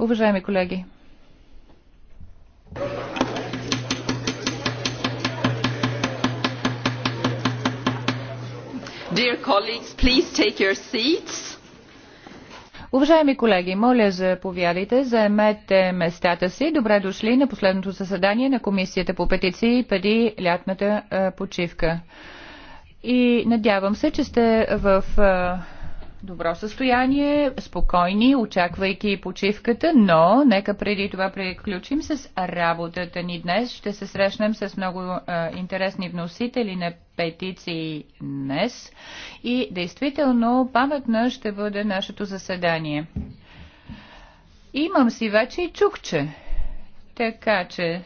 Уважаеми колеги, Уважаеми колеги, моля заповядайте, заемете местата си. Добре дошли на последното заседание на Комисията по петиции преди лятната почивка и надявам се, че сте в добро състояние, спокойни, очаквайки почивката, но нека преди това приключим с работата ни днес. Ще се срещнем с много а, интересни вносители на петиции днес и действително паметна ще бъде нашето заседание. Имам си вече и чукче, така че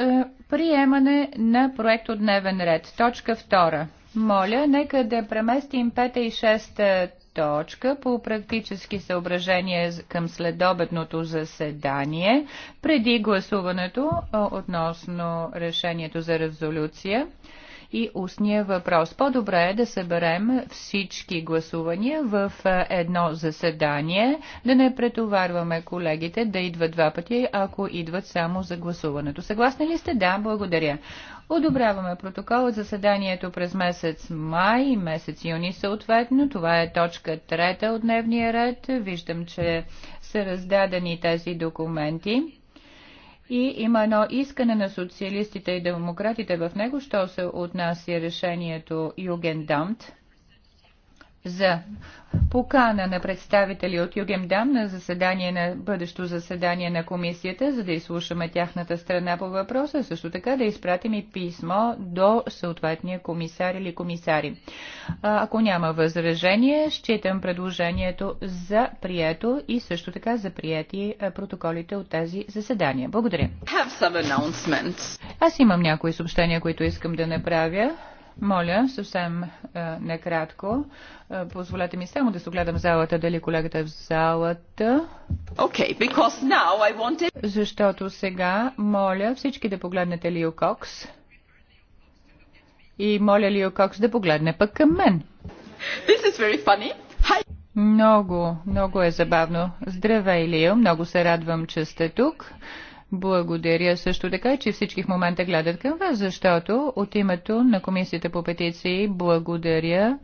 е, приемане на проект от дневен ред. Точка 2. Моля, нека да преместим 5 и 6 точка по практически съображения към следобедното заседание преди гласуването относно решението за резолюция и устния въпрос. По-добре е да съберем всички гласувания в е, едно заседание, да не претоварваме колегите да идват два пъти, ако идват само за гласуването. Съгласни ли сте? Да, благодаря. Одобряваме протокол от заседанието през месец май и месец юни съответно. Това е точка трета от дневния ред. Виждам, че са раздадени тези документи и има едно искане на социалистите и демократите в него, що се отнася решението Югендамт за покана на представители от Югемдам на заседание на бъдещо заседание на комисията, за да изслушаме тяхната страна по въпроса, също така да изпратим и писмо до съответния комисар или комисари. Ако няма възражение, считам предложението за прието и също така за прияти протоколите от тези заседания. Благодаря. Аз имам някои съобщения, които искам да направя. Моля, съвсем а, е, некратко, А, е, позволете ми само да се огледам залата, дали колегата е в залата. Okay, because now I wanted... Защото сега моля всички да погледнете Лио Кокс. И моля Лио Кокс да погледне пък към мен. This is very funny. Hi. Много, много е забавно. Здравей, Лио. Много се радвам, че сте тук. Благодаря също така, че всички в момента гледат към вас, защото от името на Комисията по петиции благодаря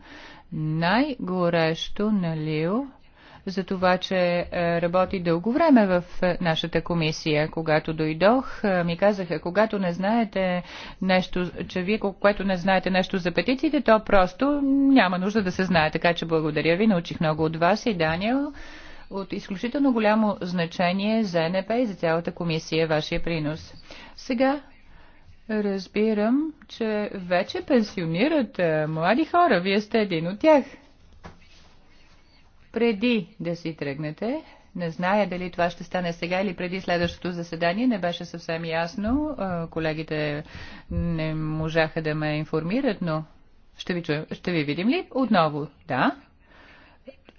най-горещо на Лио за това, че е, работи дълго време в е, нашата комисия. Когато дойдох, е, ми казаха, когато не знаете нещо, че вие, което не знаете нещо за петициите, то просто няма нужда да се знае. Така че благодаря ви, научих много от вас и Даниел от изключително голямо значение за НП и за цялата комисия, вашия принос. Сега разбирам, че вече пенсионират е, млади хора. Вие сте един от тях. Преди да си тръгнете, не зная дали това ще стане сега или преди следващото заседание. Не беше съвсем ясно. Е, колегите не можаха да ме информират, но ще ви, чуем. Ще ви видим ли? Отново, да.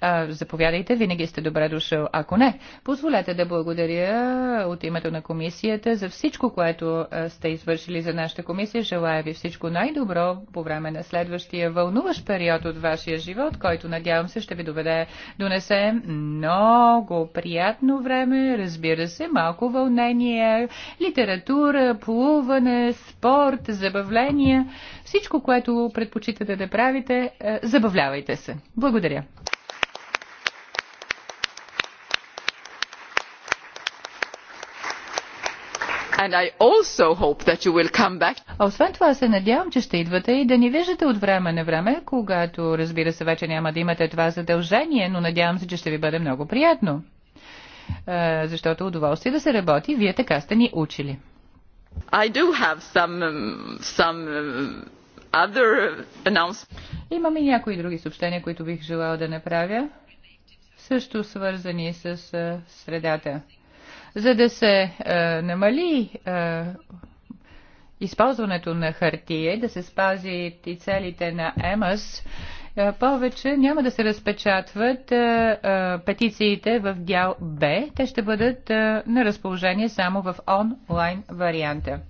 А, заповядайте, винаги сте добре дошъл. Ако не, позволете да благодаря от името на комисията за всичко, което сте извършили за нашата комисия. Желая ви всичко най-добро по време на следващия вълнуващ период от вашия живот, който надявам се ще ви доведе, донесе много приятно време, разбира се, малко вълнение, литература, плуване, спорт, забавления. Всичко, което предпочитате да правите, забавлявайте се. Благодаря. освен това се надявам, че ще идвате и да ни виждате от време на време, когато разбира се вече няма да имате това задължение, но надявам се, че ще ви бъде много приятно. Защото удоволствие да се работи, вие така сте ни учили. Some, some Имам и някои други съобщения, които бих желал да направя, също свързани с средата. За да се е, намали е, използването на хартия и да се спази и целите на ЕМАС, е, повече няма да се разпечатват е, е, петициите в дял Б. Те ще бъдат на разположение само в онлайн варианта.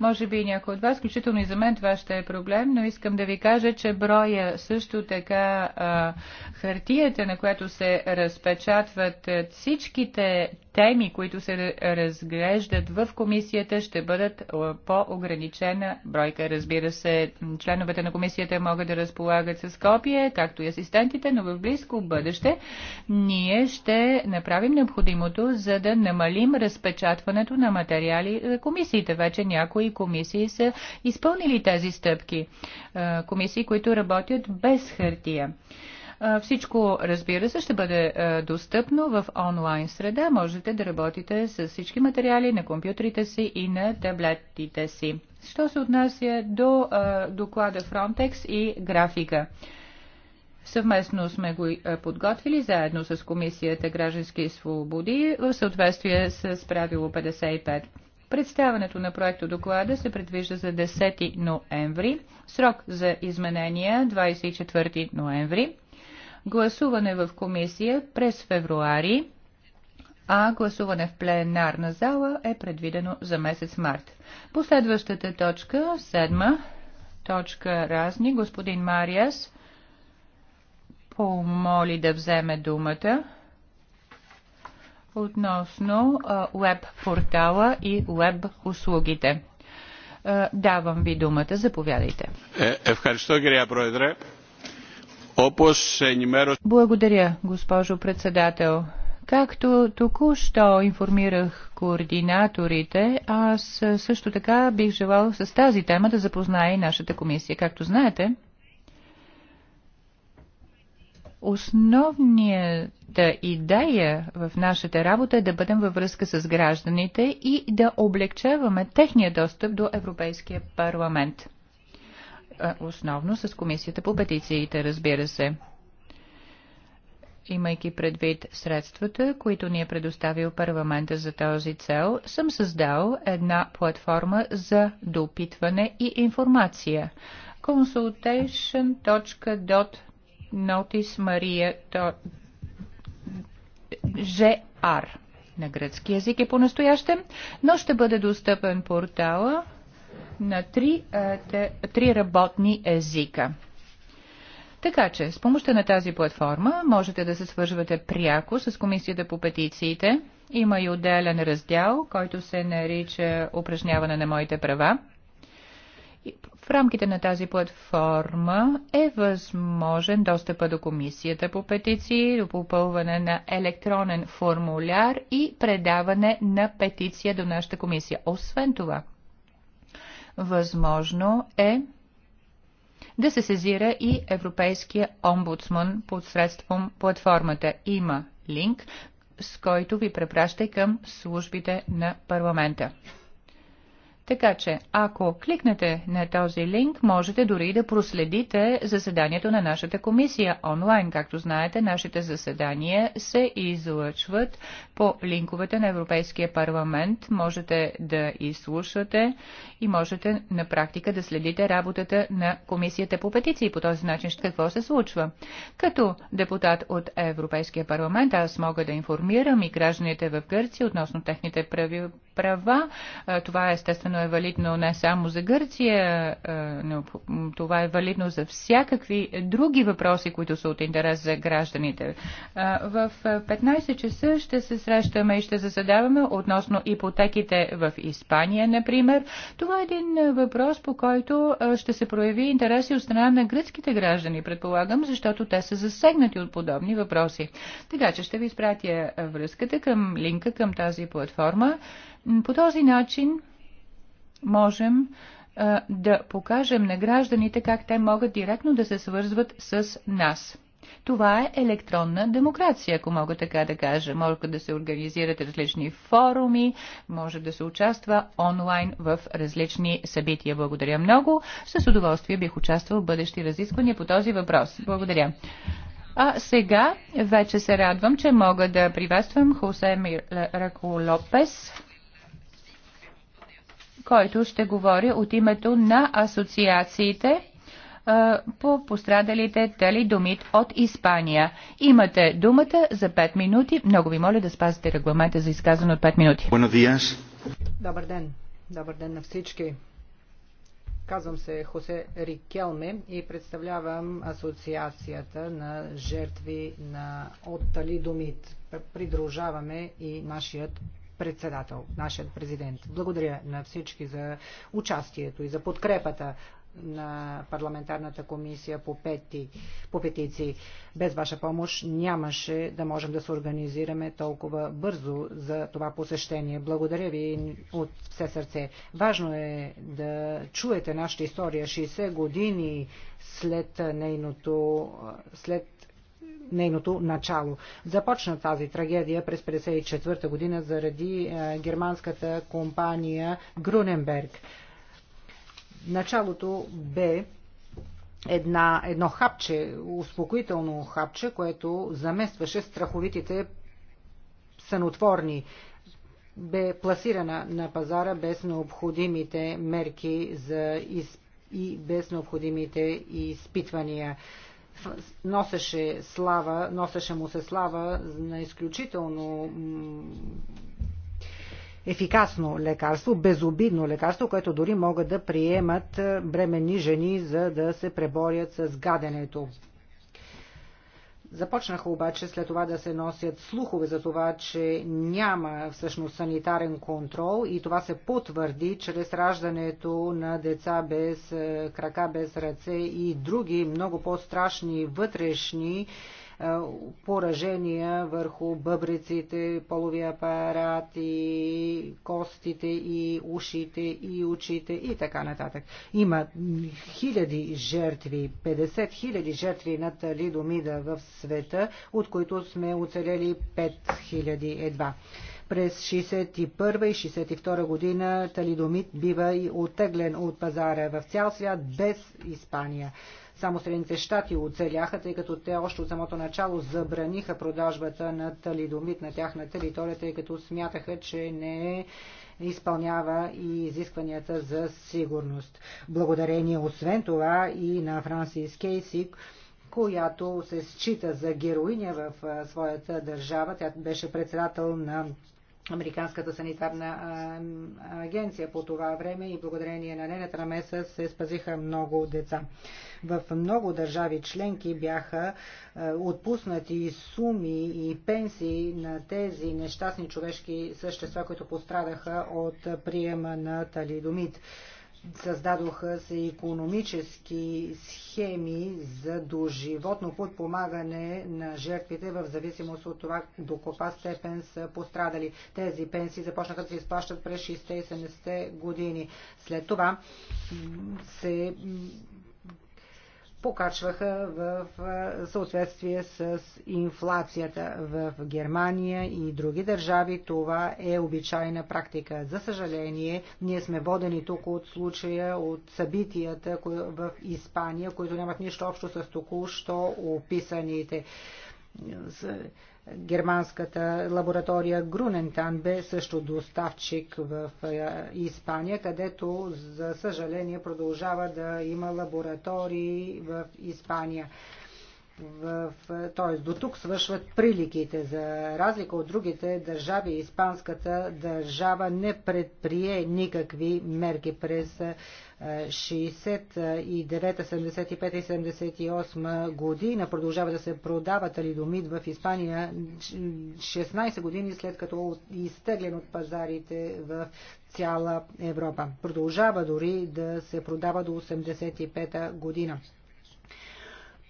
Може би и някой от вас, включително и за мен това ще е проблем, но искам да ви кажа, че броя също така а, хартията, на която се разпечатват всичките теми, които се разглеждат в комисията, ще бъдат по-ограничена бройка. Разбира се, членовете на комисията могат да разполагат с копие, както и асистентите, но в близко бъдеще ние ще направим необходимото, за да намалим разпечатването на материали за комисиите. Вече някои комисии са изпълнили тези стъпки. Комисии, които работят без хартия. Всичко, разбира се, ще бъде достъпно в онлайн среда. Можете да работите с всички материали на компютрите си и на таблетите си. Що се отнася до доклада Frontex и графика? Съвместно сме го подготвили заедно с Комисията граждански свободи в съответствие с правило 55. Представането на проекто доклада се предвижда за 10 ноември, срок за изменения 24 ноември, гласуване в комисия през февруари, а гласуване в пленарна зала е предвидено за месец март. Последващата точка, седма, точка разни, господин Мариас помоли да вземе думата относно веб портала и веб услугите. Давам ви думата, заповядайте. Е, Благодаря, госпожо председател. Както току-що информирах координаторите, аз също така бих желал с тази тема да запозная и нашата комисия. Както знаете, Основната идея в нашата работа е да бъдем във връзка с гражданите и да облегчаваме техния достъп до Европейския парламент. Основно с Комисията по петициите, разбира се имайки предвид средствата, които ни е предоставил парламента за този цел, съм създал една платформа за допитване и информация. consultation.dot Нотис Мария ЖР на гръцки язик е по-настоящем, но ще бъде достъпен портала на три, три работни езика. Така че, с помощта на тази платформа можете да се свържвате пряко с Комисията по петициите. Има и отделен раздел, който се нарича Упражняване на моите права. В рамките на тази платформа е възможен достъпа до комисията по петиции, до попълване на електронен формуляр и предаване на петиция до нашата комисия. Освен това, възможно е да се сезира и Европейския омбудсман посредством платформата. Има линк, с който ви препраща към службите на парламента. Така че, ако кликнете на този линк, можете дори да проследите заседанието на нашата комисия онлайн. Както знаете, нашите заседания се излъчват по линковете на Европейския парламент. Можете да изслушате и можете на практика да следите работата на комисията по петиции. По този начин какво се случва. Като депутат от Европейския парламент, аз мога да информирам и гражданите в Гърция относно техните права. Това е естествено естествено е валидно не само за Гърция, но това е валидно за всякакви други въпроси, които са от интерес за гражданите. В 15 часа ще се срещаме и ще заседаваме относно ипотеките в Испания, например. Това е един въпрос, по който ще се прояви интерес и от страна на гръцките граждани, предполагам, защото те са засегнати от подобни въпроси. Така че ще ви изпратя връзката към линка към тази платформа. По този начин можем а, да покажем на гражданите как те могат директно да се свързват с нас. Това е електронна демокрация, ако мога така да кажа. Може да се организират различни форуми, може да се участва онлайн в различни събития. Благодаря много. С удоволствие бих участвал в бъдещи разисквания по този въпрос. Благодаря. А сега вече се радвам, че мога да приветствам Хосе Мирако Лопес който ще говори от името на асоциациите по пострадалите талидомит от Испания. Имате думата за 5 минути. Много ви моля да спазите регламента за изказване от 5 минути. Добър ден. Добър ден на всички. Казвам се Хосе Рикелме и представлявам Асоциацията на жертви на от талидомит. Придружаваме и нашият председател, нашият президент. Благодаря на всички за участието и за подкрепата на парламентарната комисия по, пети, по петиции. Без ваша помощ нямаше да можем да се организираме толкова бързо за това посещение. Благодаря ви от все сърце. Важно е да чуете нашата история 60 години след нейното, след нейното начало. Започна тази трагедия през 1954 година заради е, германската компания Груненберг. Началото бе една, едно хапче, успокоително хапче, което заместваше страховитите сънотворни бе пласирана на пазара без необходимите мерки за из... и без необходимите изпитвания носеше слава, носеше му се слава на изключително ефикасно лекарство, безобидно лекарство, което дори могат да приемат бремени жени, за да се преборят с гаденето. Започнаха обаче след това да се носят слухове за това, че няма всъщност санитарен контрол и това се потвърди чрез раждането на деца без е, крака, без ръце и други много по-страшни вътрешни е, поражения върху бъбреците, половия апарат и костите и ушите и очите и така нататък. Има хиляди жертви, 50 хиляди жертви на талидомида в света, от които сме оцелели 5 хиляди едва през 61 и 62 година талидомит бива и оттеглен от пазара в цял свят без Испания. Само Съединените щати оцеляха, тъй като те още от самото начало забраниха продажбата на талидомит на тяхна територия, тъй като смятаха, че не е изпълнява и изискванията за сигурност. Благодарение освен това и на Франсис Кейсик, която се счита за героиня в своята държава. Тя беше председател на Американската санитарна агенция по това време и благодарение на нейната намеса се спазиха много деца. В много държави членки бяха отпуснати суми и пенсии на тези нещастни човешки същества, които пострадаха от приема на талидомит. Създадоха се економически схеми за доживотно подпомагане на жертвите в зависимост от това до каква степен са пострадали. Тези пенсии започнаха да се изплащат през 60-70 години. След това се покачваха в съответствие с инфлацията в Германия и други държави. Това е обичайна практика. За съжаление, ние сме водени тук от случая, от събитията в Испания, които нямат нищо общо с току-що описаните германската лаборатория Грунентан бе също доставчик в е, Испания, където за съжаление продължава да има лаборатории в Испания т.е. до тук свършват приликите. За разлика от другите държави, испанската държава не предприе никакви мерки през 69, е, 75 и 78 година. Продължава да се продава талидомид в Испания 16 години след като е изтеглен от пазарите в цяла Европа. Продължава дори да се продава до 85 година.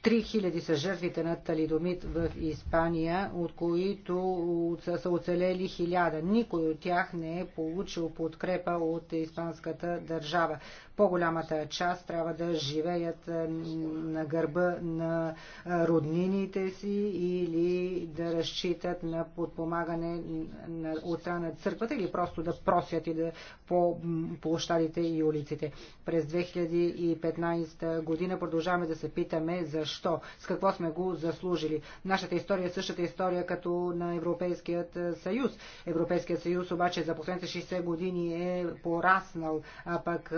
3000 са жертвите на талидомит в Испания, от които са оцелели 1000. Никой от тях не е получил подкрепа от испанската държава. По-голямата част трябва да живеят на гърба на роднините си или да разчитат на подпомагане на отстрана на църквата или просто да просят и да по площадите и улиците. През 2015 година продължаваме да се питаме защо, с какво сме го заслужили. Нашата история е същата история като на Европейският съюз. Европейският съюз обаче за последните 60 години е пораснал, а пък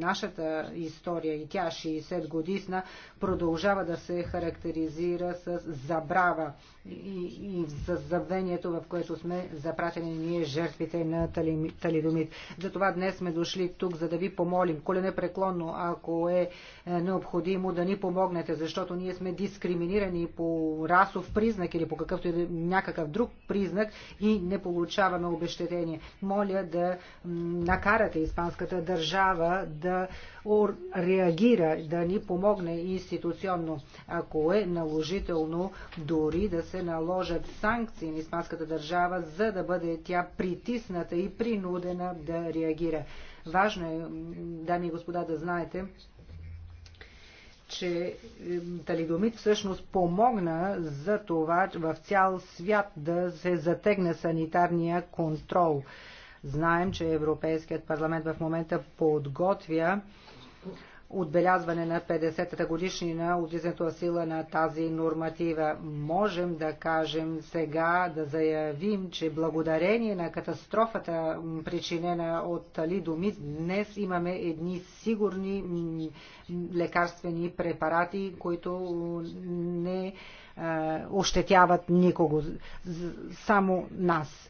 нашата история и тя 60 годишна продължава да се характеризира с забрава и, и с забвението, в което сме запратени ние жертвите на талидомит. Затова днес сме дошли тук, за да ви помолим, коленепреклонно, ако е, е необходимо, да ни помогнете, защото ние сме дискриминирани по расов признак или по какъвто и е някакъв друг признак и не получаваме обещетение. Моля да накарате испанската държава да да реагира, да ни помогне институционно, ако е наложително дори да се наложат санкции на испанската държава, за да бъде тя притисната и принудена да реагира. Важно е, дами и господа, да знаете, че талидомит всъщност помогна за това в цял свят да се затегне санитарния контрол. Знаем, че Европейският парламент в момента подготвя отбелязване на 50-та годишнина от влизането в сила на тази норматива. Можем да кажем сега, да заявим, че благодарение на катастрофата, причинена от лидомит, днес имаме едни сигурни лекарствени препарати, които не ощетяват никого, само нас.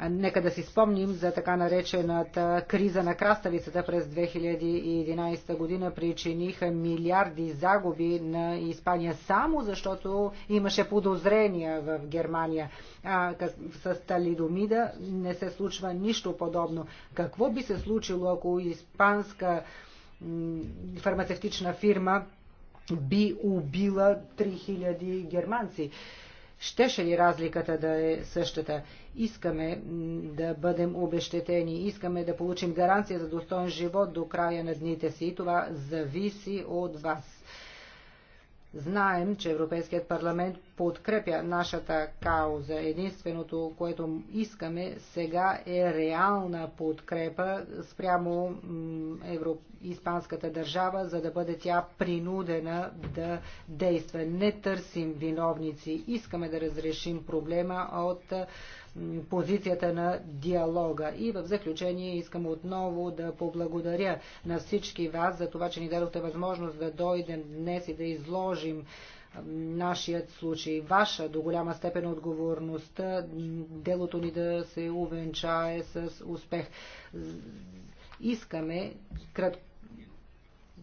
Нека да си спомним за така наречената криза на краставицата през 2011 година причиниха милиарди загуби на Испания само защото имаше подозрения в Германия. А с талидомида не се случва нищо подобно. Какво би се случило, ако испанска фармацевтична фирма би убила 3000 германци? Щеше ли разликата да е същата? Искаме да бъдем обещетени, искаме да получим гаранция за достоен живот до края на дните си и това зависи от вас. Знаем, че Европейският парламент подкрепя нашата кауза. Единственото, което искаме сега е реална подкрепа спрямо евро... испанската държава, за да бъде тя принудена да действа. Не търсим виновници. Искаме да разрешим проблема от позицията на диалога. И в заключение искам отново да поблагодаря на всички вас за това, че ни дадохте възможност да дойдем днес и да изложим нашият случай, ваша до голяма степен отговорността, делото ни да се увенчае с успех. Искаме кратко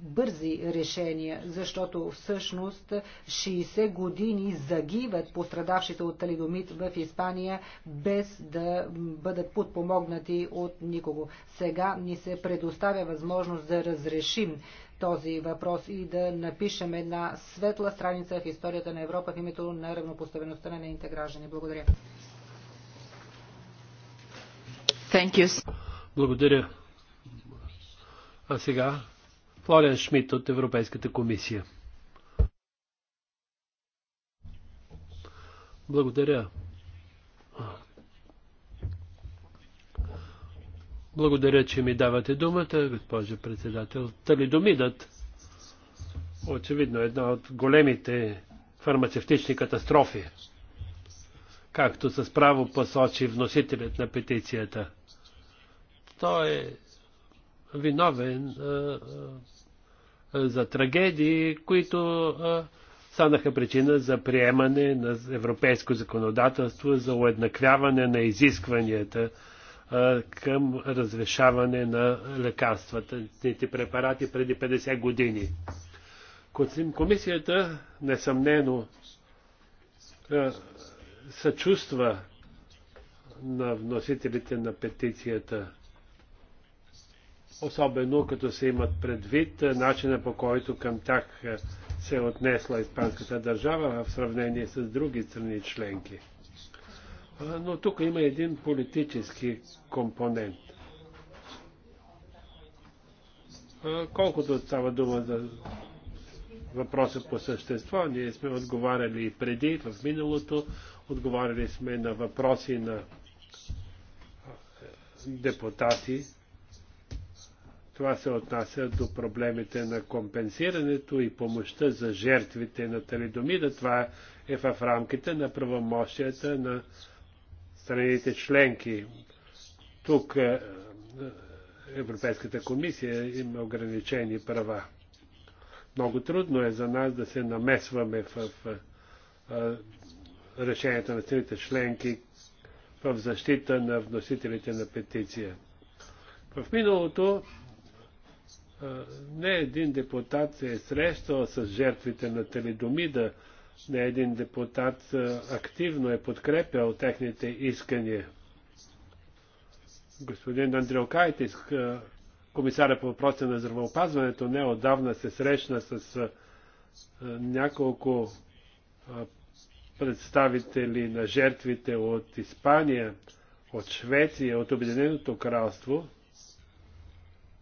бързи решения, защото всъщност 60 години загиват пострадавшите от талидомит в Испания без да бъдат подпомогнати от никого. Сега ни се предоставя възможност да разрешим този въпрос и да напишем една светла страница в историята на Европа в името на равнопоставеността на нейните граждани. Благодаря. Thank you. Благодаря. А сега Флориан Шмидт от Европейската комисия. Благодаря. Благодаря, че ми давате думата, госпожо председател. Талидомидът, очевидно, е една от големите фармацевтични катастрофи, както с право посочи вносителят на петицията. Той е виновен за трагедии, които станаха причина за приемане на европейско законодателство, за уеднаквяване на изискванията към разрешаване на лекарствените препарати преди 50 години. Комисията, несъмнено, съчувства на вносителите на петицията особено като се имат предвид е, начина по който към тях е, се отнесла испанската държава в сравнение с други страни членки. Но тук има един политически компонент. Колкото става дума за въпроса по същество, ние сме отговаряли и преди, в миналото, отговаряли сме на въпроси на депутати, това се отнася до проблемите на компенсирането и помощта за жертвите на талидомида. Това е в рамките на правомощията на страните членки. Тук е, е, Европейската комисия има ограничени права. Много трудно е за нас да се намесваме в, е, решенията на страните членки в защита на вносителите на петиция. В миналото не един депутат се е срещал с жертвите на теледомида, не един депутат активно е подкрепял техните искания. Господин Андрео Кайтис, комисаря по въпроса на здравеопазването, не отдавна се срещна с няколко представители на жертвите от Испания, от Швеция, от Обединеното кралство,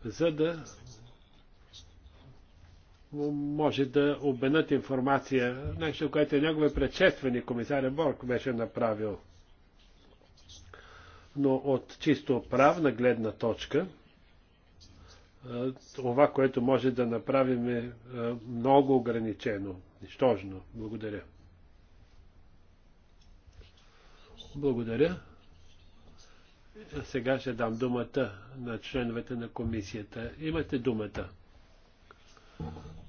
за да може да обменят информация, нещо, което негови предшествени комисаря Борг, беше направил. Но от чисто правна гледна точка, това, което може да направим е много ограничено, нищожно. Благодаря. Благодаря. Сега ще дам думата на членовете на комисията. Имате думата.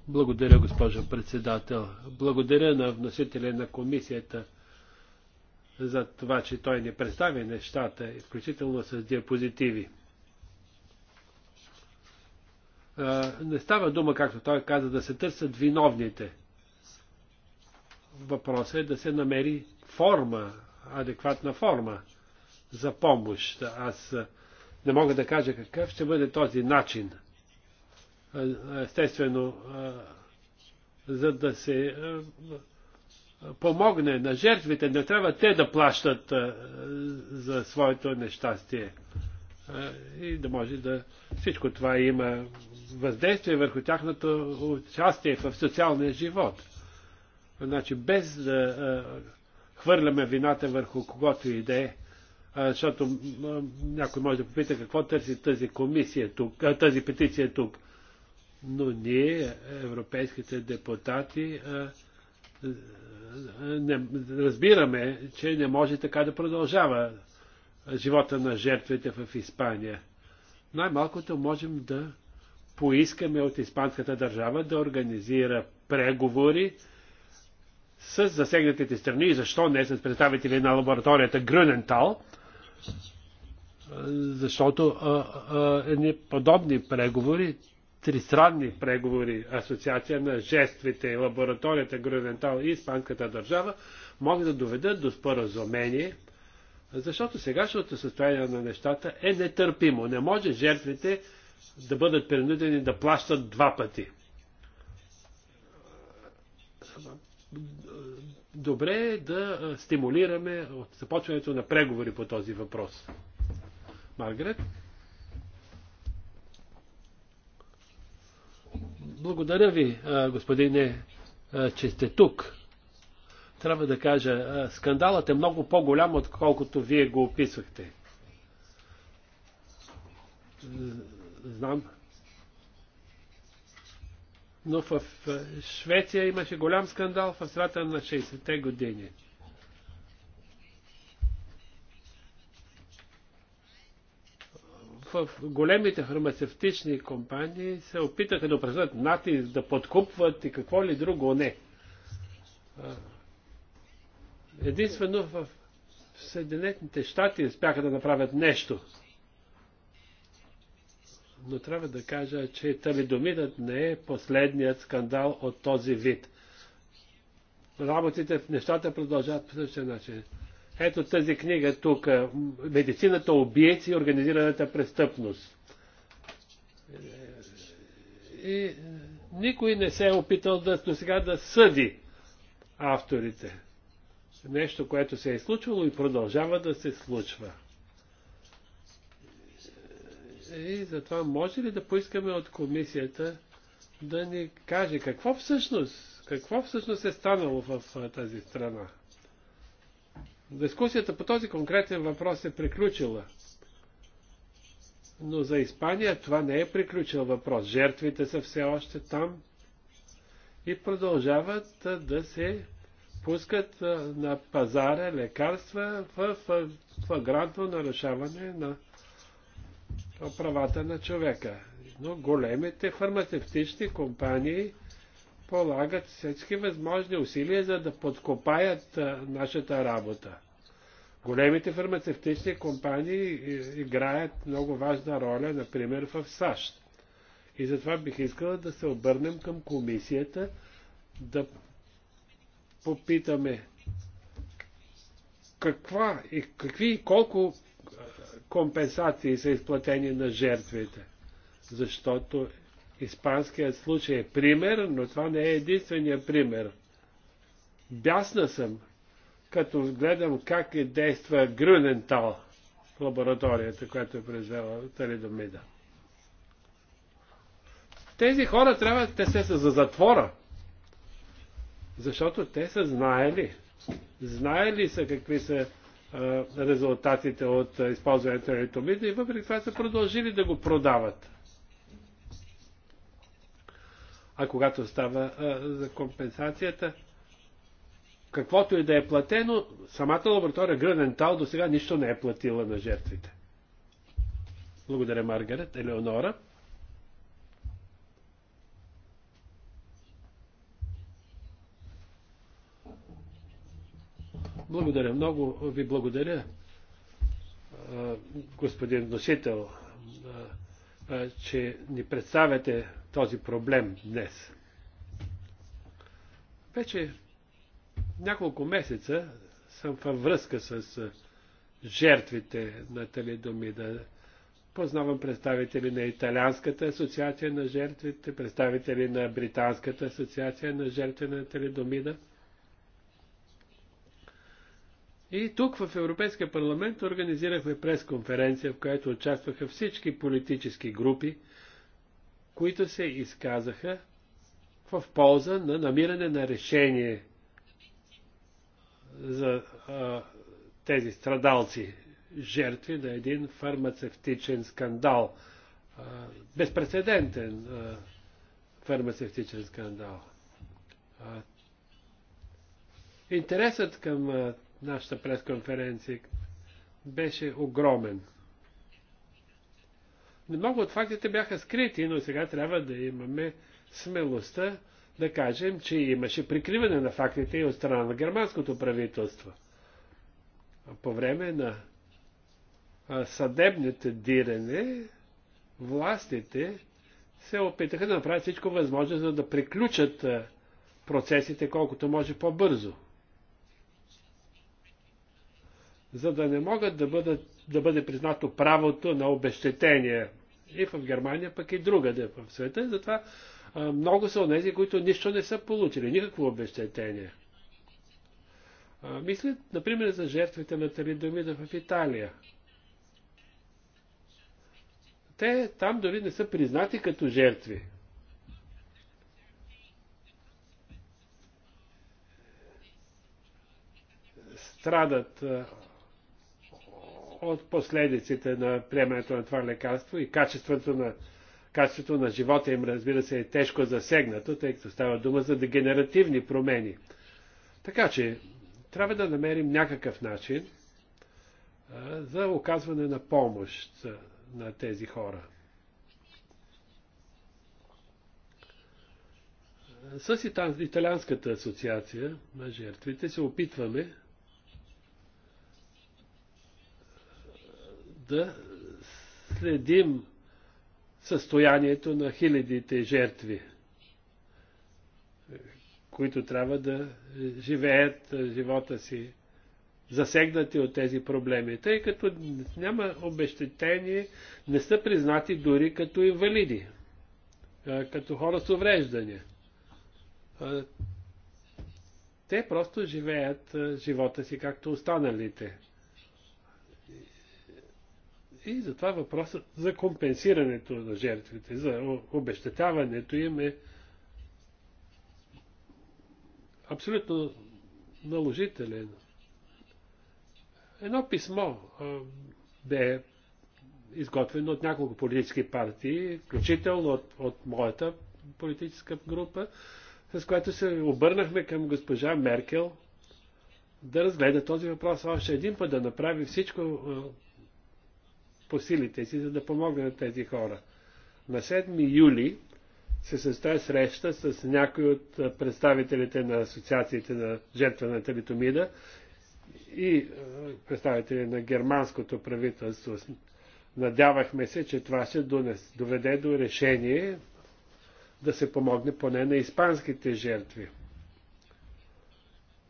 Благодаря, госпожо председател. Благодаря на вносителя на комисията за това, че той ни представи нещата, включително с диапозитиви. Не става дума, както той каза, да се търсят виновните. Въпросът е да се намери форма, адекватна форма за помощ. Аз не мога да кажа какъв ще бъде този начин – естествено, за да се помогне на жертвите, не трябва те да плащат за своето нещастие. И да може да всичко това има въздействие върху тяхното участие в социалния живот. Значи без да хвърляме вината върху когото и да е, защото някой може да попита какво търси тази комисия тук, тази петиция тук но ние, европейските депутати, не, разбираме, че не може така да продължава живота на жертвите в Испания. Най-малкото можем да поискаме от испанската държава да организира преговори с засегнатите страни и защо не с представители на лабораторията Грюнентал, защото а, а, а, подобни преговори тристранни преговори, асоциация на жествите, лабораторията Гровентал и Испанската държава, могат да доведат до споразумение, защото сегашното състояние на нещата е нетърпимо. Не може жертвите да бъдат принудени да плащат два пъти. Добре е да стимулираме започването на преговори по този въпрос. Маргарет? Благодаря ви, господине, че сте тук. Трябва да кажа, скандалът е много по-голям, отколкото вие го описвахте. Знам. Но в Швеция имаше голям скандал в средата на 60-те години. в големите фармацевтични компании се опитаха да упражнят натиск, да подкупват и какво ли друго не. Единствено в Съединените щати успяха да направят нещо. Но трябва да кажа, че талидомидът не е последният скандал от този вид. Работите в нещата продължават по същия начин. Ето тази книга тук. Медицината убиеци и организираната престъпност. И е, никой не се е опитал да, до сега да съди авторите. Нещо, което се е случвало и продължава да се случва. И затова може ли да поискаме от комисията да ни каже какво всъщност, какво всъщност е станало в тази страна? Дискусията по този конкретен въпрос е приключила. Но за Испания това не е приключил въпрос. Жертвите са все още там и продължават да се пускат на пазара лекарства в флагрантно нарушаване на правата на човека. Но големите фармацевтични компании полагат всички възможни усилия, за да подкопаят нашата работа. Големите фармацевтични компании играят много важна роля, например в САЩ. И затова бих искала да се обърнем към комисията, да попитаме каква и какви и колко компенсации са изплатени на жертвите. Защото Испанският случай е пример, но това не е единствения пример. Бясна съм, като гледам как е действа Грюнентал, лабораторията, която е произвела талидомида. Тези хора трябва, те се са за затвора, защото те са знаели. Знаели са какви са резултатите от използването на ритомида и въпреки това са продължили да го продават. А когато става а, за компенсацията, каквото и да е платено, самата лаборатория Грънентал до сега нищо не е платила на жертвите. Благодаря, Маргарет. Елеонора. Благодаря много. Ви благодаря, господин носител че ни представяте този проблем днес. Вече няколко месеца съм във връзка с жертвите на талидомида. Познавам представители на Италианската асоциация на жертвите, представители на Британската асоциация на жертвите на талидомида – и тук в Европейския парламент организирахме пресконференция, в която участваха всички политически групи, които се изказаха в полза на намиране на решение за а, тези страдалци, жертви на един фармацевтичен скандал. А, безпредседентен а, фармацевтичен скандал. А, интересът към а, нашата пресконференция беше огромен. Много от фактите бяха скрити, но сега трябва да имаме смелостта да кажем, че имаше прикриване на фактите и от страна на германското правителство. По време на съдебните дирене, властите се опитаха да направят всичко възможно, за да приключат процесите колкото може по-бързо. за да не могат да, бъдат, да бъде признато правото на обещетение. И в Германия, пък и другаде в света. И затова а, много са онези, които нищо не са получили, никакво обещетение. А, мислят, например, за жертвите на Талидомида в Италия. Те там дори не са признати като жертви. страдат от последиците на приемането на това лекарство и качеството на, качеството на живота им, разбира се, е тежко засегнато, тъй като става дума за дегенеративни промени. Така че трябва да намерим някакъв начин а, за оказване на помощ на тези хора. С Италианската асоциация на жертвите се опитваме да следим състоянието на хилядите жертви, които трябва да живеят живота си, засегнати от тези проблеми, тъй като няма обещетение, не са признати дори като инвалиди, като хора с увреждания. Те просто живеят живота си както останалите. И затова въпросът за компенсирането на жертвите, за обещетяването им е абсолютно наложителен. Едно писмо бе изготвено от няколко политически партии, включително от, от моята политическа група, с което се обърнахме към госпожа Меркел да разгледа този въпрос още един път, да направи всичко по силите си, за да помогне на тези хора. На 7 юли се състоя среща с някои от представителите на асоциациите на жертва на талитомида и е, представители на германското правителство. Надявахме се, че това ще донес, доведе до решение да се помогне поне на испанските жертви.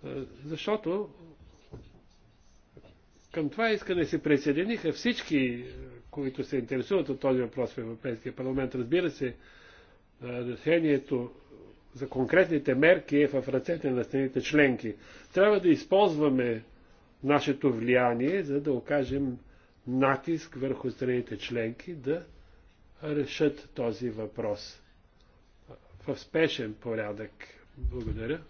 Е, защото към това искане се присъединиха всички, е, които се интересуват от този въпрос в Европейския парламент. Разбира се, е, решението за конкретните мерки е в ръцете на страните членки. Трябва да използваме нашето влияние, за да окажем натиск върху страните членки да решат този въпрос в спешен порядък. Благодаря.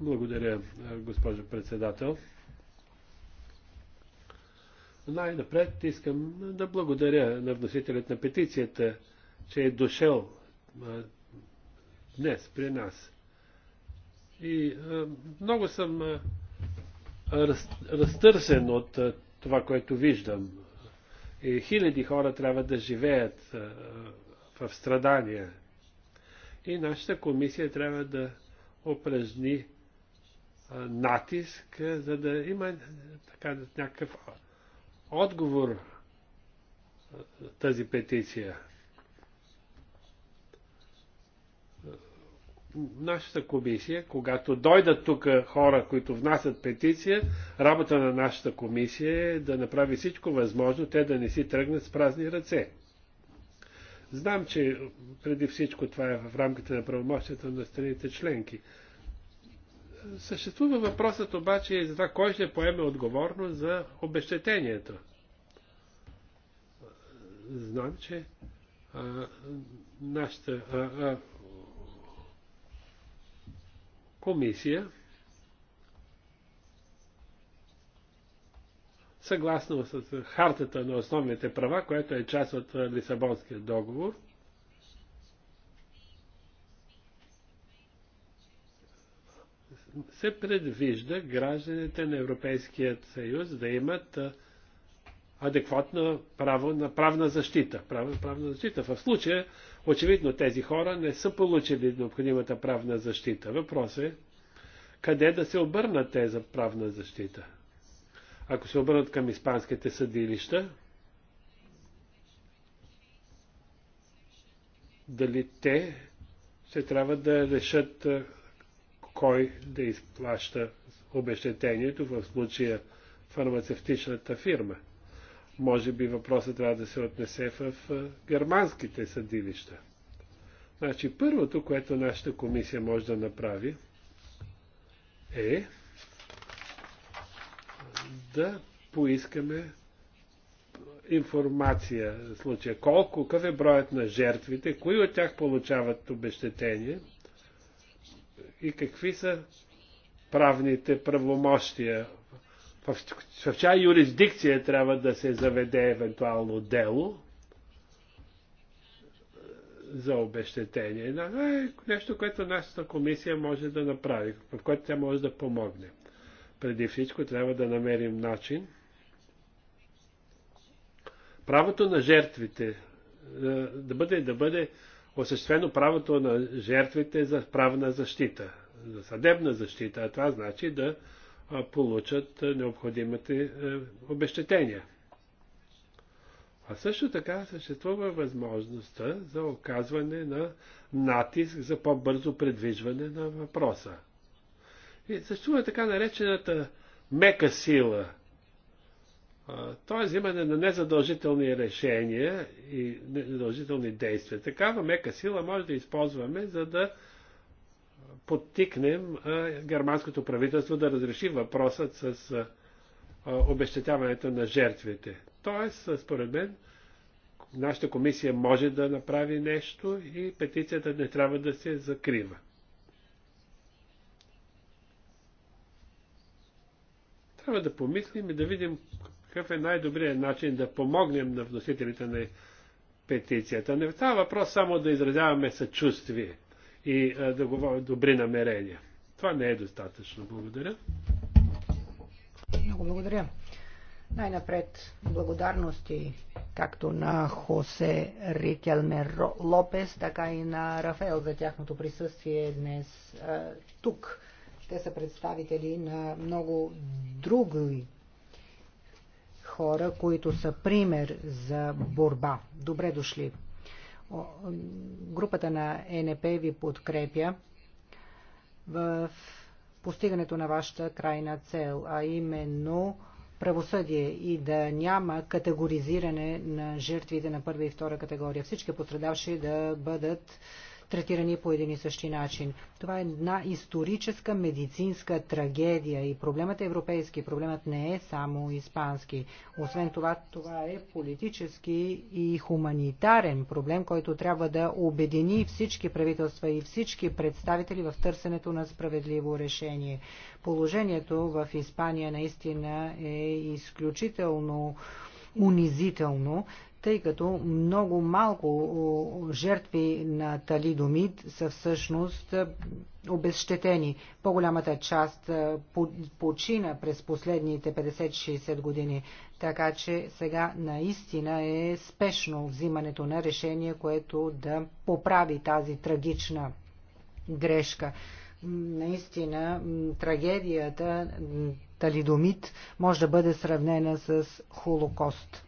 Благодаря, е, госпожо председател. Най-напред искам да благодаря на вносителят на петицията, че е дошъл е, днес при нас. И е, много съм раз, разтърсен от това, което виждам. И хиляди хора трябва да живеят в страдания. И нашата комисия трябва да упражни натиск, за да има така, някакъв отговор тази петиция. Нашата комисия, когато дойдат тук хора, които внасят петиция, работа на нашата комисия е да направи всичко възможно те да не си тръгнат с празни ръце. Знам, че преди всичко това е в рамките на правомощията на страните членки. Съществува въпросът обаче и за това кой ще поеме отговорност за обещетението. Знам, че а, нашата а, а, комисия съгласно с хартата на основните права, която е част от Лисабонския договор, се предвижда гражданите на Европейският съюз да имат адекватно право на правна защита. Право, правна защита. В случая, очевидно, тези хора не са получили необходимата правна защита. Въпрос е къде да се обърнат те за правна защита. Ако се обърнат към испанските съдилища, дали те ще трябва да решат кой да изплаща обещетението, в случая фармацевтичната фирма. Може би въпросът трябва да се отнесе в германските съдилища. Значи първото, което нашата комисия може да направи, е да поискаме информация за случая. Колко, какъв е броят на жертвите, кои от тях получават обещетение – и какви са правните правомощия. В, в чая юрисдикция трябва да се заведе евентуално дело за обещетение. Е нещо, което нашата комисия може да направи, в което тя може да помогне. Преди всичко трябва да намерим начин правото на жертвите да бъде, да бъде осъществено правото на жертвите за правна защита, за съдебна защита, а това значи да получат необходимите обещетения. А също така съществува възможността за оказване на натиск за по-бързо предвижване на въпроса. И съществува така наречената мека сила – Тоест взимане на незадължителни решения и незадължителни действия. Такава мека сила може да използваме, за да подтикнем германското правителство да разреши въпросът с обещетяването на жертвите. Тоест, според мен, нашата комисия може да направи нещо и петицията не трябва да се закрива. Трябва да помислим и да видим какъв е най-добрият начин да помогнем на вносителите на петицията. Не става въпрос само да изразяваме съчувствие и да говорим добри намерения. Това не е достатъчно. Благодаря. Много благодаря. Най-напред благодарности както на Хосе Рикелме Лопес, така и на Рафаел за тяхното присъствие днес тук. Те са представители на много други хора, които са пример за борба. Добре дошли! Групата на ЕНП ви подкрепя в постигането на вашата крайна цел, а именно правосъдие и да няма категоризиране на жертвите на първа и втора категория. Всички пострадавши да бъдат третирани по един и същи начин. Това е една историческа медицинска трагедия и проблемът е европейски, проблемът не е само испански. Освен това, това е политически и хуманитарен проблем, който трябва да обедини всички правителства и всички представители в търсенето на справедливо решение. Положението в Испания наистина е изключително унизително тъй като много малко жертви на талидомид са всъщност е, обезщетени. По-голямата част е, почина през последните 50-60 години, така че сега наистина е спешно взимането на решение, което да поправи тази трагична грешка. Наистина трагедията талидомид може да бъде сравнена с Холокост.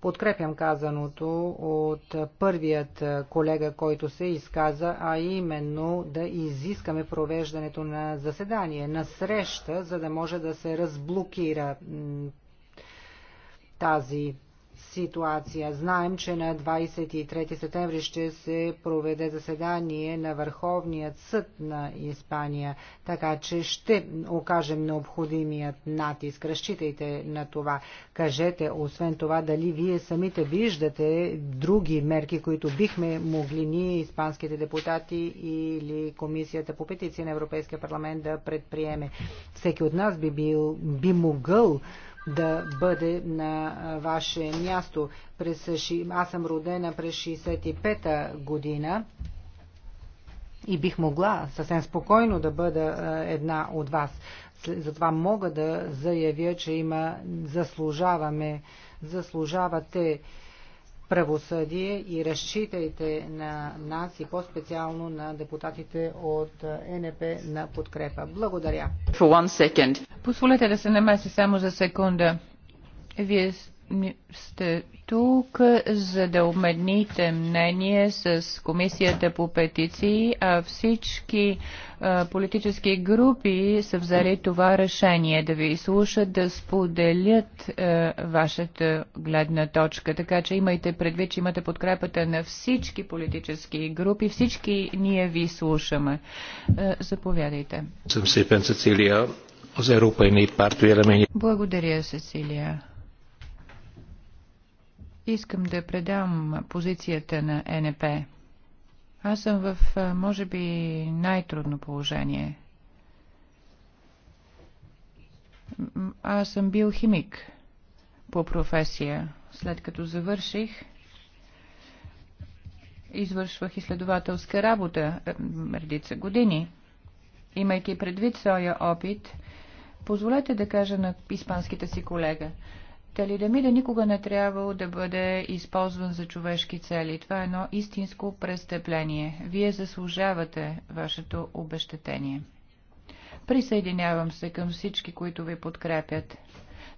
Подкрепям казаното от първият е, колега, който се изказа, а именно да изискаме провеждането на заседание, на среща, за да може да се разблокира тази ситуация. Знаем, че на 23 септември ще се проведе заседание на Върховният съд на Испания, така че ще окажем необходимият натиск. Разчитайте на това. Кажете, освен това, дали вие самите виждате други мерки, които бихме могли ние, испанските депутати или Комисията по петиции на Европейския парламент да предприеме. Всеки от нас би, бил, би могъл да бъде на ваше място. През, аз съм родена през 65-та година и бих могла съвсем спокойно да бъда една от вас. Затова мога да заявя, че има заслужаваме, заслужавате правосъдие и разчитайте на нас и по-специално на депутатите от е, НП на подкрепа. Благодаря. Позволете да се намеси само за секунда. Вие сте тук, за да обмените мнение с Комисията по петиции, а всички а, политически групи са взели това решение да ви изслушат, да споделят а, вашата гледна точка. Така че имайте предвид, че имате подкрепата на всички политически групи. Всички ние ви слушаме. А, заповядайте. Благодаря, Сесилия. Искам да предам позицията на НП. Аз съм в, може би, най-трудно положение. Аз съм бил химик по професия. След като завърших, извършвах изследователска работа редица години. Имайки предвид своя опит, позволете да кажа на испанските си колега, Талидамида никога не трябвало да бъде използван за човешки цели. Това е едно истинско престъпление. Вие заслужавате вашето обещетение. Присъединявам се към всички, които ви подкрепят.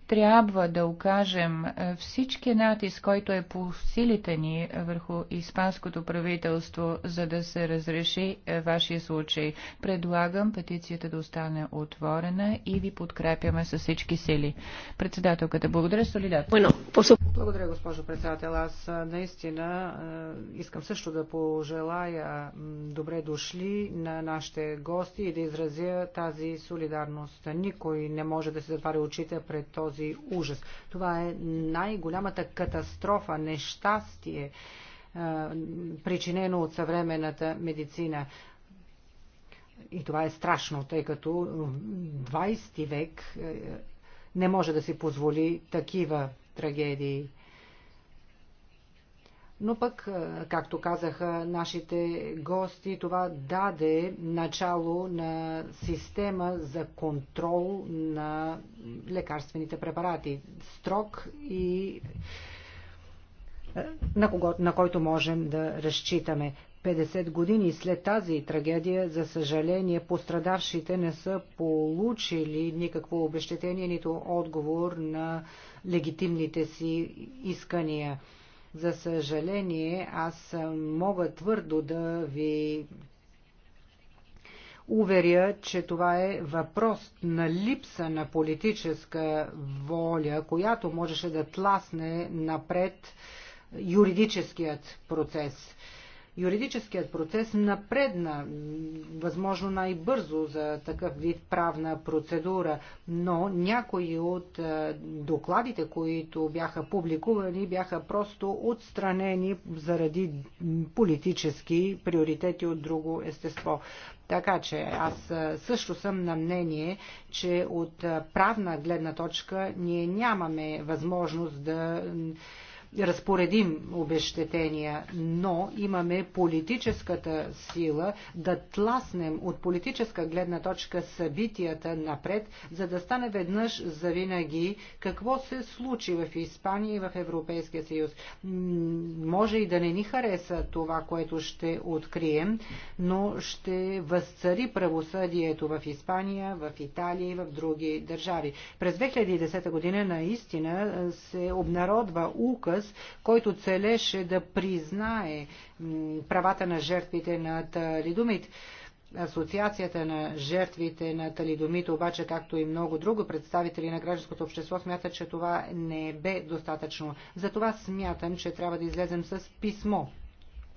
Трябва да окажем е, всички натиск, който е по силите ни върху испанското правителство, за да се разреши е, вашия случай. Предлагам петицията да остане отворена и ви подкрепяме с всички сили. Председателката, благодаря, Солидат. Благодаря, госпожо председател. Аз наистина искам също да пожелая добре дошли на нашите гости и да изразя тази солидарност. Никой не може да се затваря очите пред този ужас. Това е най-голямата катастрофа, нещастие, причинено от съвременната медицина. И това е страшно, тъй като 20 век е, не може да си позволи такива трагедии. Но пък, както казаха нашите гости, това даде начало на система за контрол на лекарствените препарати. Строг и на, кого, на който можем да разчитаме. 50 години след тази трагедия, за съжаление, пострадавшите не са получили никакво обещетение, нито отговор на легитимните си искания. За съжаление, аз мога твърдо да ви уверя, че това е въпрос на липса на политическа воля, която можеше да тласне напред юридическият процес юридическият процес напредна, възможно най-бързо за такъв вид правна процедура, но някои от докладите, които бяха публикувани, бяха просто отстранени заради политически приоритети от друго естество. Така че аз също съм на мнение, че от правна гледна точка ние нямаме възможност да разпоредим обещетения, но имаме политическата сила да тласнем от политическа гледна точка събитията напред, за да стане веднъж завинаги какво се случи в Испания и в Европейския съюз. Може и да не ни хареса това, което ще открием, но ще възцари правосъдието в Испания, в Италия и в други държави. През 2010 година наистина се обнародва указ указ, който целеше да признае правата на жертвите на талидомит. Асоциацията на жертвите на талидомит, обаче, както и много друго представители на гражданското общество, смятат, че това не бе достатъчно. Затова смятам, че трябва да излезем с писмо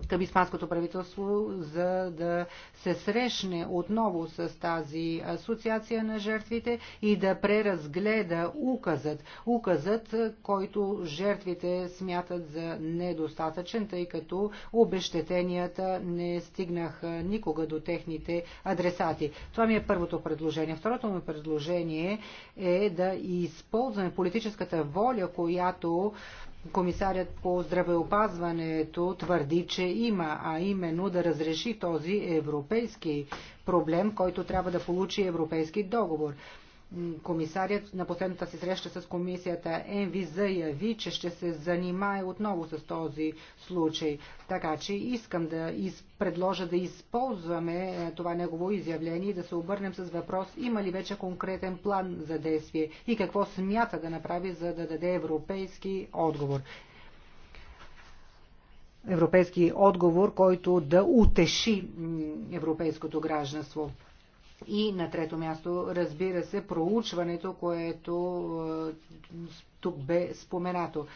към Испанското правителство, за да се срещне отново с тази асоциация на жертвите и да преразгледа указът. Указът, който жертвите смятат за недостатъчен, тъй като обещетенията не стигнаха никога до техните адресати. Това ми е първото предложение. Второто ми предложение е да използваме политическата воля, която комисарят по здравеопазването твърди, че има, а именно да разреши този европейски проблем, който трябва да получи европейски договор комисарят на последната си среща с комисията ЕНВИ заяви, че ще се занимае отново с този случай. Така че искам да из... предложа да използваме е, това негово изявление и да се обърнем с въпрос има ли вече конкретен план за действие и какво смята да направи, за да даде европейски отговор европейски отговор, който да утеши европейското гражданство. И на трето място, разбира се, проучването, което е, тук бе споменато.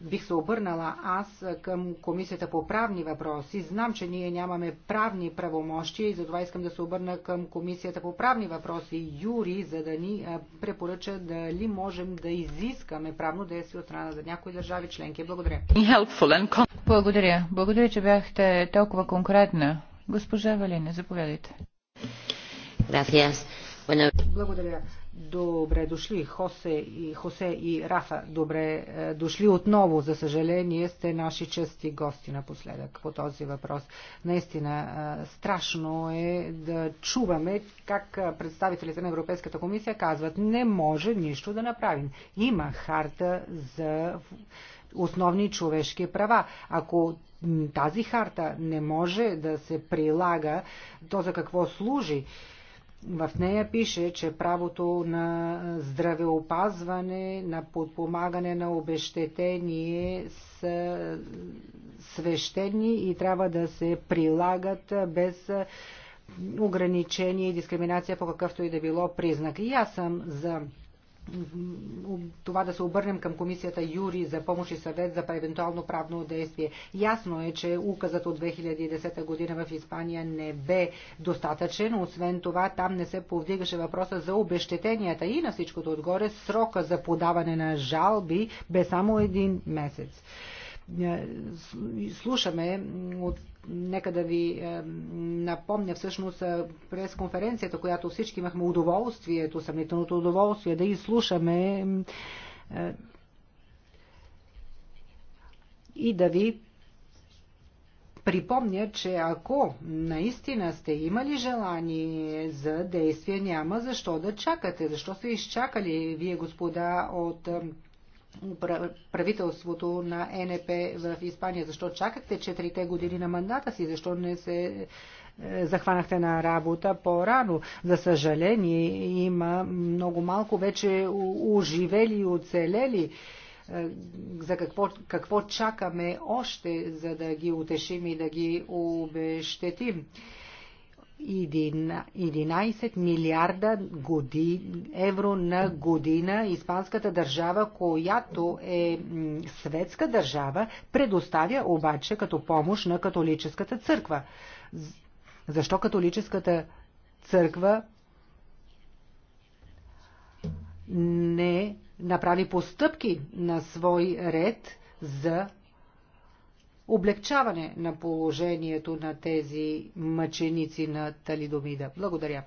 Бих се обърнала аз към Комисията по правни въпроси. Знам, че ние нямаме правни правомощи и затова искам да се обърна към Комисията по правни въпроси Юри, за да ни е, препоръча дали можем да изискаме правно действие от страна за някои държави членки. Благодаря. Благодаря. Благодаря, че бяхте толкова конкретна. Госпожа Валина, заповядайте. Благодаря. Добре дошли, Хосе и, Хосе и Рафа. Добре е, дошли отново. За съжаление сте наши чести гости напоследък по този въпрос. Наистина е, страшно е да чуваме как е, представителите на Европейската комисия казват не може нищо да направим. Има харта за основни човешки права. Ако тази харта не може да се прилага, то за какво служи? В нея пише, че правото на здравеопазване, на подпомагане на обещетение са свещени и трябва да се прилагат без ограничение и дискриминация по какъвто и да било признак. И аз съм за това да се обърнем към комисията Юри за помощ и съвет за евентуално правно действие. Ясно е, че указът от 2010 година в Испания не бе достатъчен. Освен това, там не се повдигаше въпроса за обещетенията и на всичкото отгоре срока за подаване на жалби бе само един месец. Е, слушаме от Нека да ви е, напомня всъщност е, през конференцията, която всички имахме удоволствието, съмнителното удоволствие да изслушаме и да ви припомня, че ако наистина сте имали желание за действие, няма защо да чакате. Защо сте изчакали вие, господа, от правителството на НП в Испания? Защо чакахте четирите години на мандата си? Защо не се е, захванахте на работа по-рано. За съжаление, има много малко вече оживели и оцелели. Е, за какво, какво чакаме още, за да ги утешим и да ги обещетим? 11 милиарда годи, евро на година испанската държава, която е светска държава, предоставя обаче като помощ на католическата църква. Защо католическата църква не направи постъпки на свой ред за облегчаване на положението на тези мъченици на талидомида. Благодаря.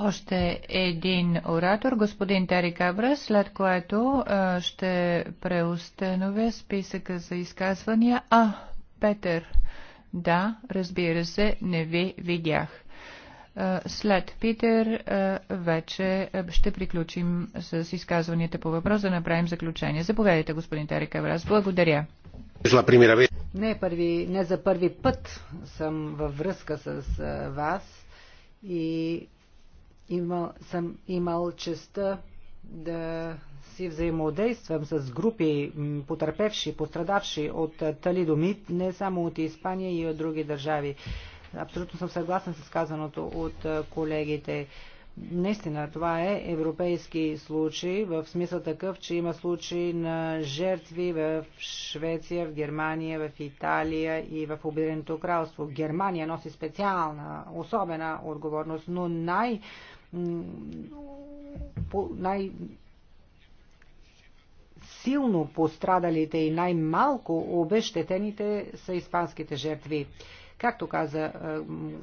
Още един оратор, господин Тари Кабра, след което а, ще преустановя списъка за изказвания. А, Петър, да, разбира се, не ви видях. Е, след Питер е, вече е, ще приключим с изказванията по въпрос да направим заключение. Заповядайте, господин Тарик Аврас. Благодаря. Не, първи, не за първи път съм във връзка с вас и имал, съм имал честа да си взаимодействам с групи потърпевши, пострадавши от талидомит, не само от Испания и от други държави. Абсолютно съм съгласен с казаното от колегите. Наистина, това е европейски случай, в смисъл такъв, че има случаи на жертви в Швеция, в Германия, в Италия и в Обединеното кралство. Германия носи специална, особена отговорност, но най... най силно пострадалите и най-малко обещетените са испанските жертви. Както каза е,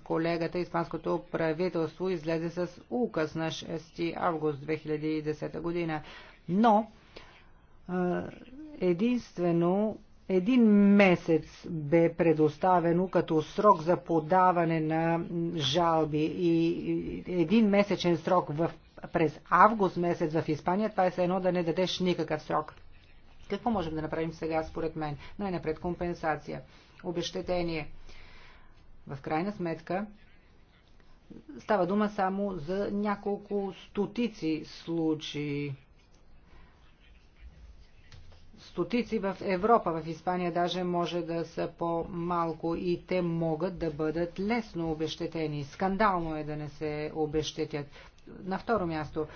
колегата, Испанското правителство излезе с указ на 6 август 2010 година. Но е, единствено един месец бе предоставено като срок за подаване на жалби и един месечен срок в, през август месец в Испания, това е едно да не дадеш никакъв срок. Какво можем да направим сега, според мен? Най-напред компенсация, обещетение – в крайна сметка става дума само за няколко стотици случаи. Стотици в Европа, в Испания даже може да са по-малко и те могат да бъдат лесно обещетени. Скандално е да не се обещетят. На второ място,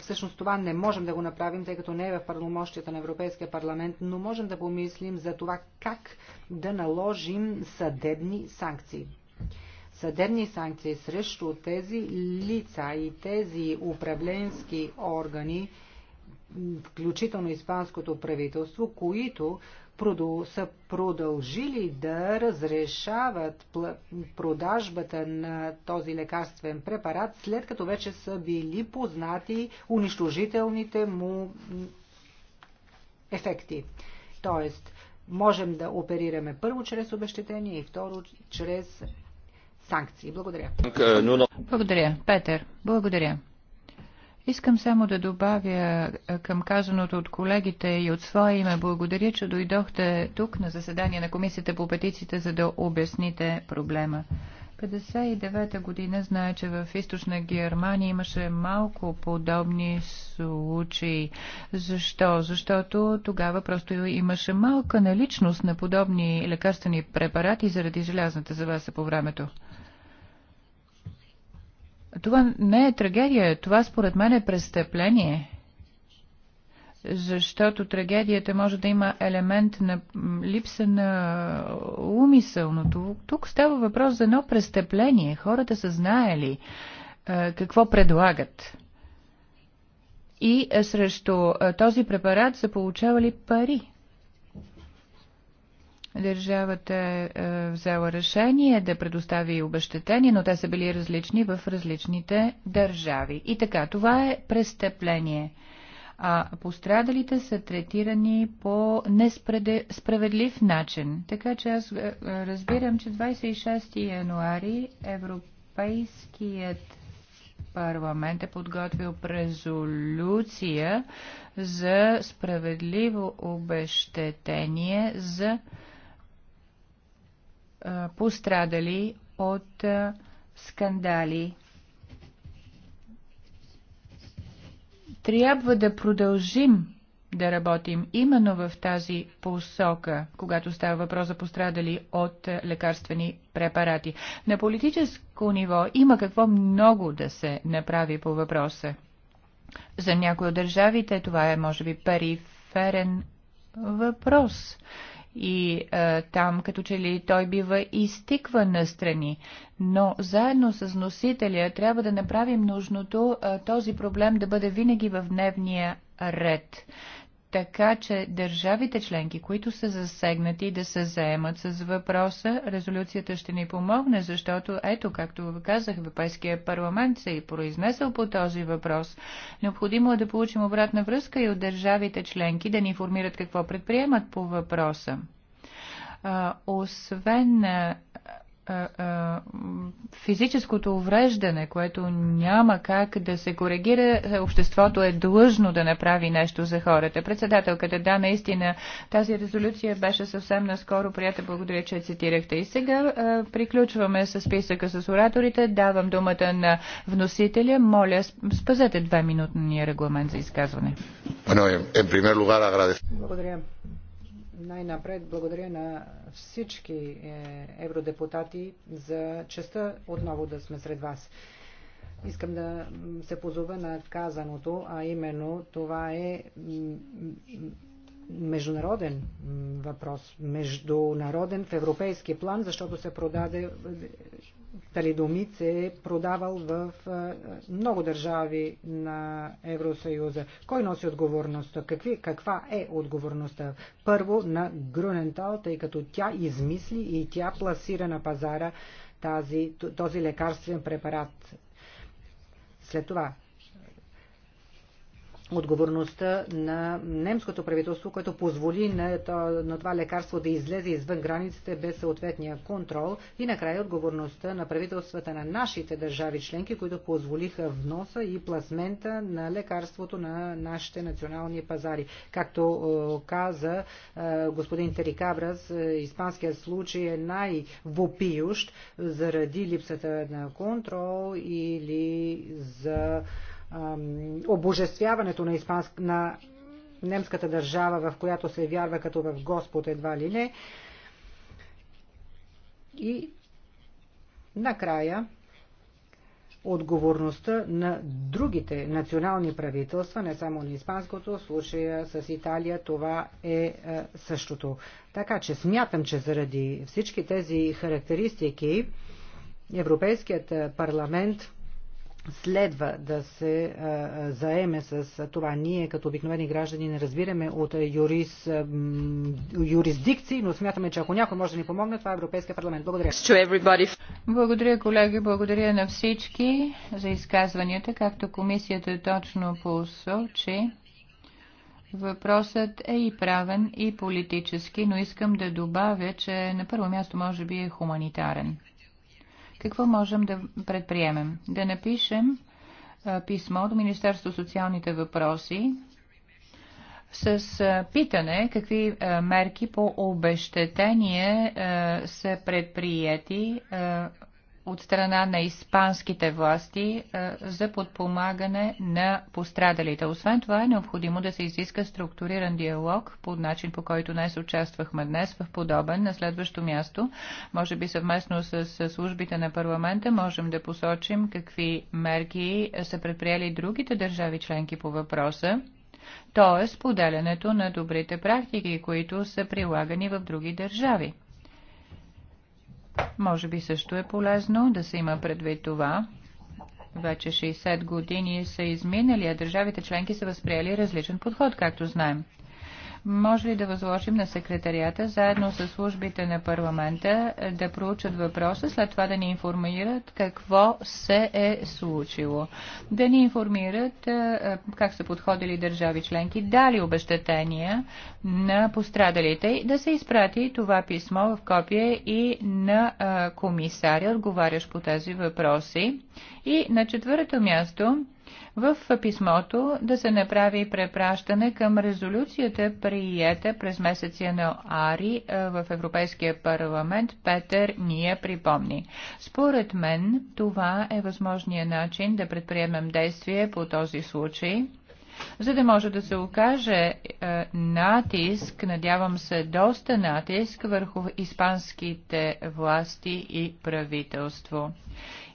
Всъщност това не можем да го направим, тъй като не е в правомощията на Европейския парламент, но можем да помислим за това как да наложим съдебни санкции съдебни санкции срещу тези лица и тези управленски органи, включително испанското правителство, които продъл... са продължили да разрешават продажбата на този лекарствен препарат, след като вече са били познати унищожителните му ефекти. Тоест, можем да оперираме първо чрез обещетение и второ чрез санкции. Благодаря. Благодаря. Петър, благодаря. Искам само да добавя към казаното от колегите и от своя име. Благодаря, че дойдохте тук на заседание на Комисията по петициите, за да обясните проблема. 59-та година знае, че в източна Германия имаше малко подобни случаи. Защо? Защото тогава просто имаше малка наличност на подобни лекарствени препарати заради желязната за вас по времето. Това не е трагедия, това според мен е престъпление. Защото трагедията може да има елемент на липса на умисълното. тук става въпрос за едно престъпление. Хората са знаели какво предлагат. И срещу този препарат са получавали пари. Държавата е взела решение да предостави обещетения, но те са били различни в различните държави. И така, това е престъпление. А пострадалите са третирани по несправедлив начин. Така че аз е, е, разбирам, че 26 януари Европейският парламент е подготвил резолюция за справедливо обещетение за пострадали от скандали. Трябва да продължим да работим именно в тази посока, когато става въпрос за пострадали от лекарствени препарати. На политическо ниво има какво много да се направи по въпроса. За някои от държавите това е, може би, периферен въпрос и а, е, там като че ли той бива изтикван настрани. Но заедно с носителя трябва да направим нужното а, е, този проблем да бъде винаги в дневния ред така че държавите членки, които са засегнати да се заемат с въпроса, резолюцията ще ни помогне, защото ето, както казах, Европейския парламент се и е произнесъл по този въпрос. Необходимо е да получим обратна връзка и от държавите членки да ни информират какво предприемат по въпроса. А, освен физическото увреждане, което няма как да се коригира, е, обществото е длъжно да направи нещо за хората. Председателката, да, наистина тази резолюция беше съвсем наскоро прията. Благодаря, че цитирахте. И сега приключваме с списъка с ораторите. Давам думата на вносителя. Моля, спазете две минутния регламент за изказване. Благодаря. Най-напред благодаря на всички е, евродепутати за честа отново да сме сред вас. Искам да се позова на казаното, а именно това е международен въпрос, международен в европейски план, защото се продаде Талидомит е продавал в много държави на Евросъюза. Кой носи отговорността? Какви, каква е отговорността? Първо на Грунентал, тъй като тя измисли и тя пласира на пазара тази, този лекарствен препарат. След това отговорността на немското правителство, което позволи на, на това лекарство да излезе извън границите без съответния контрол и накрая отговорността на правителствата на нашите държави членки, които позволиха вноса и пласмента на лекарството на нашите национални пазари. Както е, каза е, господин Терикабрас, е, испанският случай е най-вопиющ заради липсата на контрол или за обожествяването на, испанск, на немската държава, в която се вярва като в Господ едва ли не. И накрая отговорността на другите национални правителства, не само на испанското, в случая с Италия това е, е същото. Така че смятам, че заради всички тези характеристики Европейският е, парламент следва да се заеме с това. Ние като обикновени граждани не разбираме от юрис, юрисдикции, но смятаме, че ако някой може да ни помогне, това е Европейския парламент. Благодаря. Благодаря, колеги. Благодаря на всички за изказванията. Както комисията е точно посочи, въпросът е и правен, и политически, но искам да добавя, че на първо място може би е хуманитарен. Какво можем да предприемем? Да напишем а, писмо до Министерство социалните въпроси с а, питане какви а, мерки по обещетение са предприяти от страна на испанските власти е, за подпомагане на пострадалите. Освен това е необходимо да се изиска структуриран диалог по начин, по който днес участвахме днес в подобен. На следващо място, може би съвместно с службите на парламента, можем да посочим какви мерки са предприели другите държави членки по въпроса т.е. поделянето на добрите практики, които са прилагани в други държави. Може би също е полезно да се има предвид това. Вече 60 години са изминали, а държавите членки са възприели различен подход, както знаем. Може ли да възложим на секретарията, заедно с службите на парламента, да проучат въпроса, след това да ни информират какво се е случило? Да ни информират е, е, как са подходили държави членки, дали обещатения на пострадалите и да се изпрати това писмо в копие и на е, комисаря, отговарящ по тези въпроси. И на четвърто място, в писмото да се направи препращане към резолюцията, приета през месец януари е, в Европейския парламент, Петър ние припомни. Според мен това е възможният начин да предприемем действие по този случай за да може да се окаже е, натиск, надявам се доста натиск върху испанските власти и правителство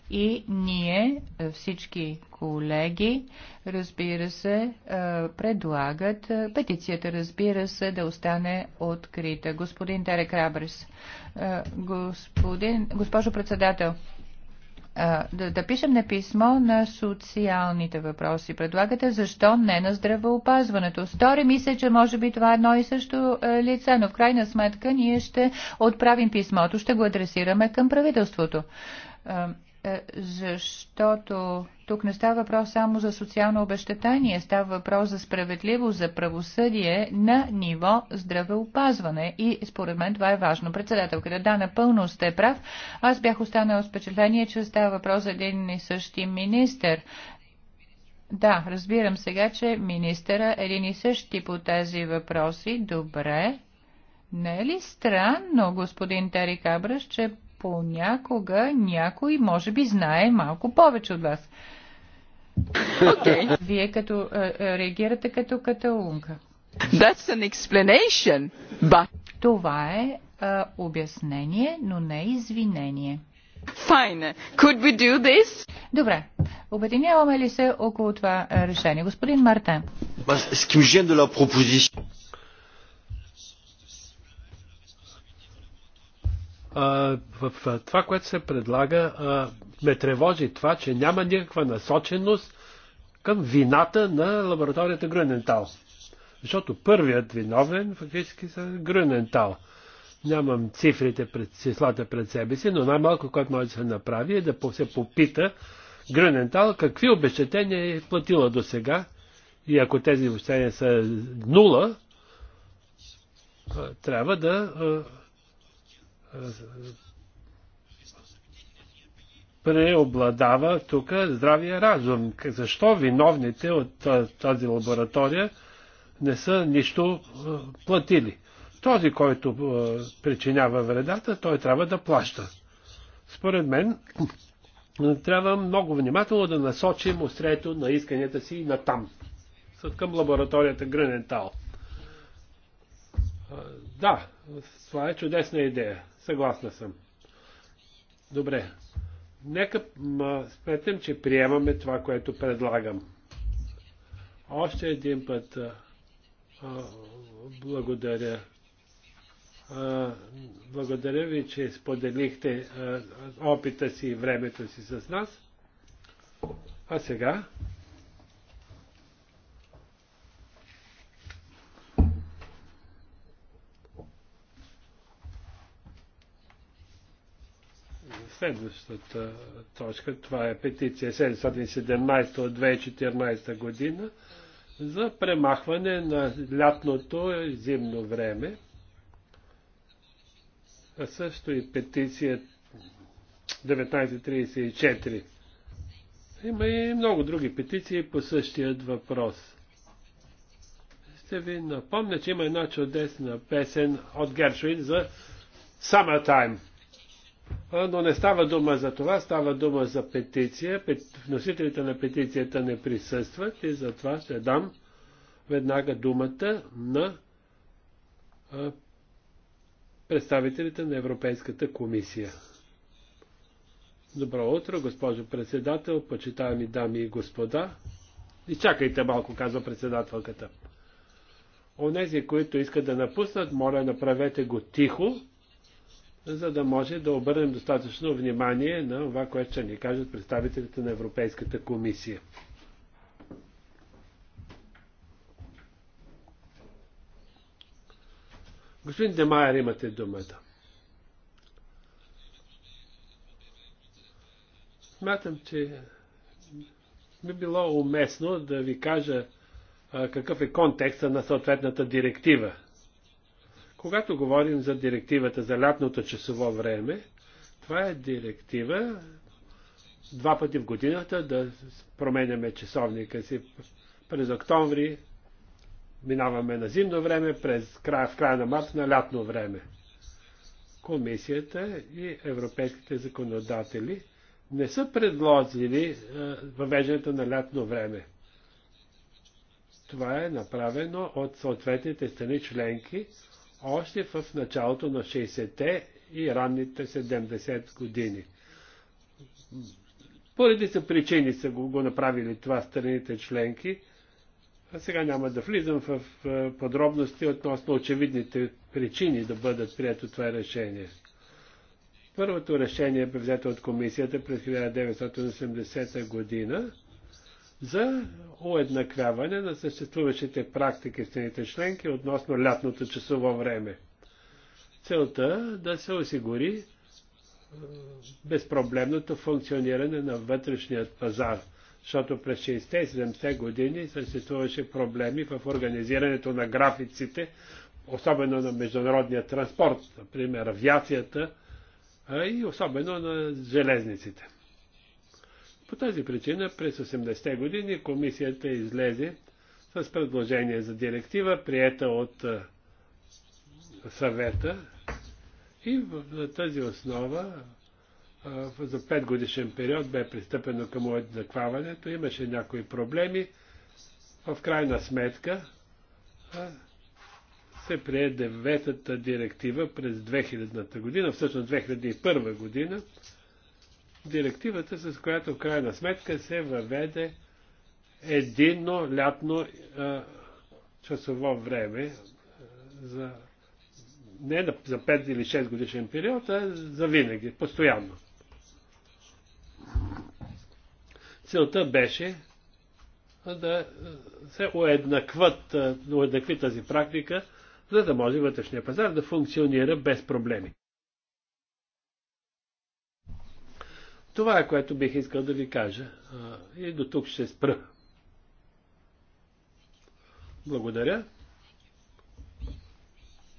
и ние, е, всички колеги, разбира се, е, предлагат е, петицията, разбира се, да остане открита. Господин Терек Рабрис, господин, госпожо председател, да, да пишем на писмо на социалните въпроси. Предлагате защо не на здравеопазването. Стори ми се, че може би това е едно и също лице, но в крайна сметка ние ще отправим писмото, ще го адресираме към правителството. Е, защото тук не става въпрос само за социално обещетание, става въпрос за справедливо, за правосъдие на ниво здравеопазване. И според мен това е важно. Председателката, да, напълно сте прав. Аз бях останал с впечатление, че става въпрос за един и същи министр. Да, разбирам сега, че министъра е един и същи по тези въпроси. Добре. Не е ли странно, господин Тери Кабраш, че понякога някой може би знае малко повече от вас. Okay. Вие като е, е, реагирате като каталунка. That's an explanation, but... Това е е обяснение, но не извинение. Fine. Could we do this? Добре. Обединяваме ли се около това е, решение? Господин Мартен. в това, което се предлага, ме тревожи това, че няма никаква насоченост към вината на лабораторията Грюнентал. Защото първият виновен фактически са Грюнентал. Нямам цифрите, пред, числата пред себе си, но най-малко, което може да се направи е да се попита Грюнентал какви обещетения е платила до сега и ако тези обещетения са нула, трябва да преобладава тук здравия разум. Защо виновните от тази лаборатория не са нищо е, платили? Този, който е, причинява вредата, той трябва да плаща. Според мен, трябва много внимателно да насочим острието на исканията си на там, към лабораторията Гранентал. Е, да, това е чудесна идея. Съгласна съм. Добре. Нека сметнем, че приемаме това, което предлагам. Още един път а, благодаря. А, благодаря ви, че споделихте а, опита си и времето си с нас. А сега следващата точка. Това е петиция 717 от 2014 година за премахване на лятното и зимно време. А също и петиция 1934. Има и много други петиции по същият въпрос. Ще ви напомня, че има една чудесна песен от Гершвин за Summertime но не става дума за това, става дума за петиция. Носителите на петицията не присъстват и затова ще дам веднага думата на представителите на Европейската комисия. Добро утро, госпожо председател, почитаеми дами и господа. И чакайте малко, казва председателката. Онези, които искат да напуснат, моля, направете го тихо за да може да обърнем достатъчно внимание на това, което ще ни кажат представителите на Европейската комисия. Господин Демайер, имате думата. Смятам, че би било уместно да ви кажа а, какъв е контекста на съответната директива. Когато говорим за директивата за лятното часово време, това е директива два пъти в годината да променяме часовника си. През октомври минаваме на зимно време, през края, в края на март на лятно време. Комисията и европейските законодатели не са предложили е, въвеждането на лятно време. Това е направено от съответните страни членки още в началото на 60-те и ранните 70 години. Поради са причини са го, го направили това страните членки, а сега няма да влизам в е, подробности относно очевидните причини да бъдат прието това решение. Първото решение бе взето от комисията през 1980 година за уеднаквяване на съществуващите практики в страните членки относно лятното часово време. Целта да се осигури е, безпроблемното функциониране на вътрешният пазар, защото през 60-70 години съществуваше проблеми в организирането на графиците, особено на международния транспорт, например авиацията и особено на железниците. По тази причина през 80-те години комисията излезе с предложение за директива, приета от съвета и на тази основа за 5 годишен период бе пристъпено към уеднакваването, имаше някои проблеми. В крайна сметка се прие деветата директива през 2000 та година, всъщност 2001 година, директивата, с която в крайна сметка се въведе единно лятно а, часово време за не за 5 или 6 годишен период, а за винаги, постоянно. Целта беше да се уеднакват, уеднакви тази практика, за да може вътрешния пазар да функционира без проблеми. Това е което бих искал да ви кажа. И до тук ще спра. Благодаря.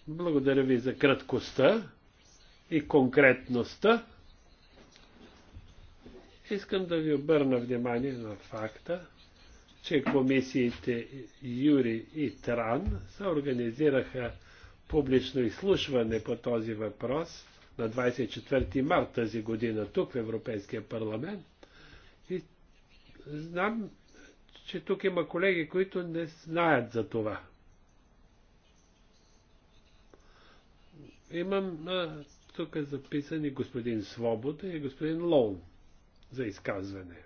Благодаря ви за краткостта и конкретността. Искам да ви обърна внимание на факта, че комисиите Юри и Тран се организираха публично изслушване по този въпрос – на 24 март тази година тук в Европейския парламент. И знам, че тук има колеги, които не знаят за това. Имам а, тук е записани господин Свобода и господин Лоун за изказване.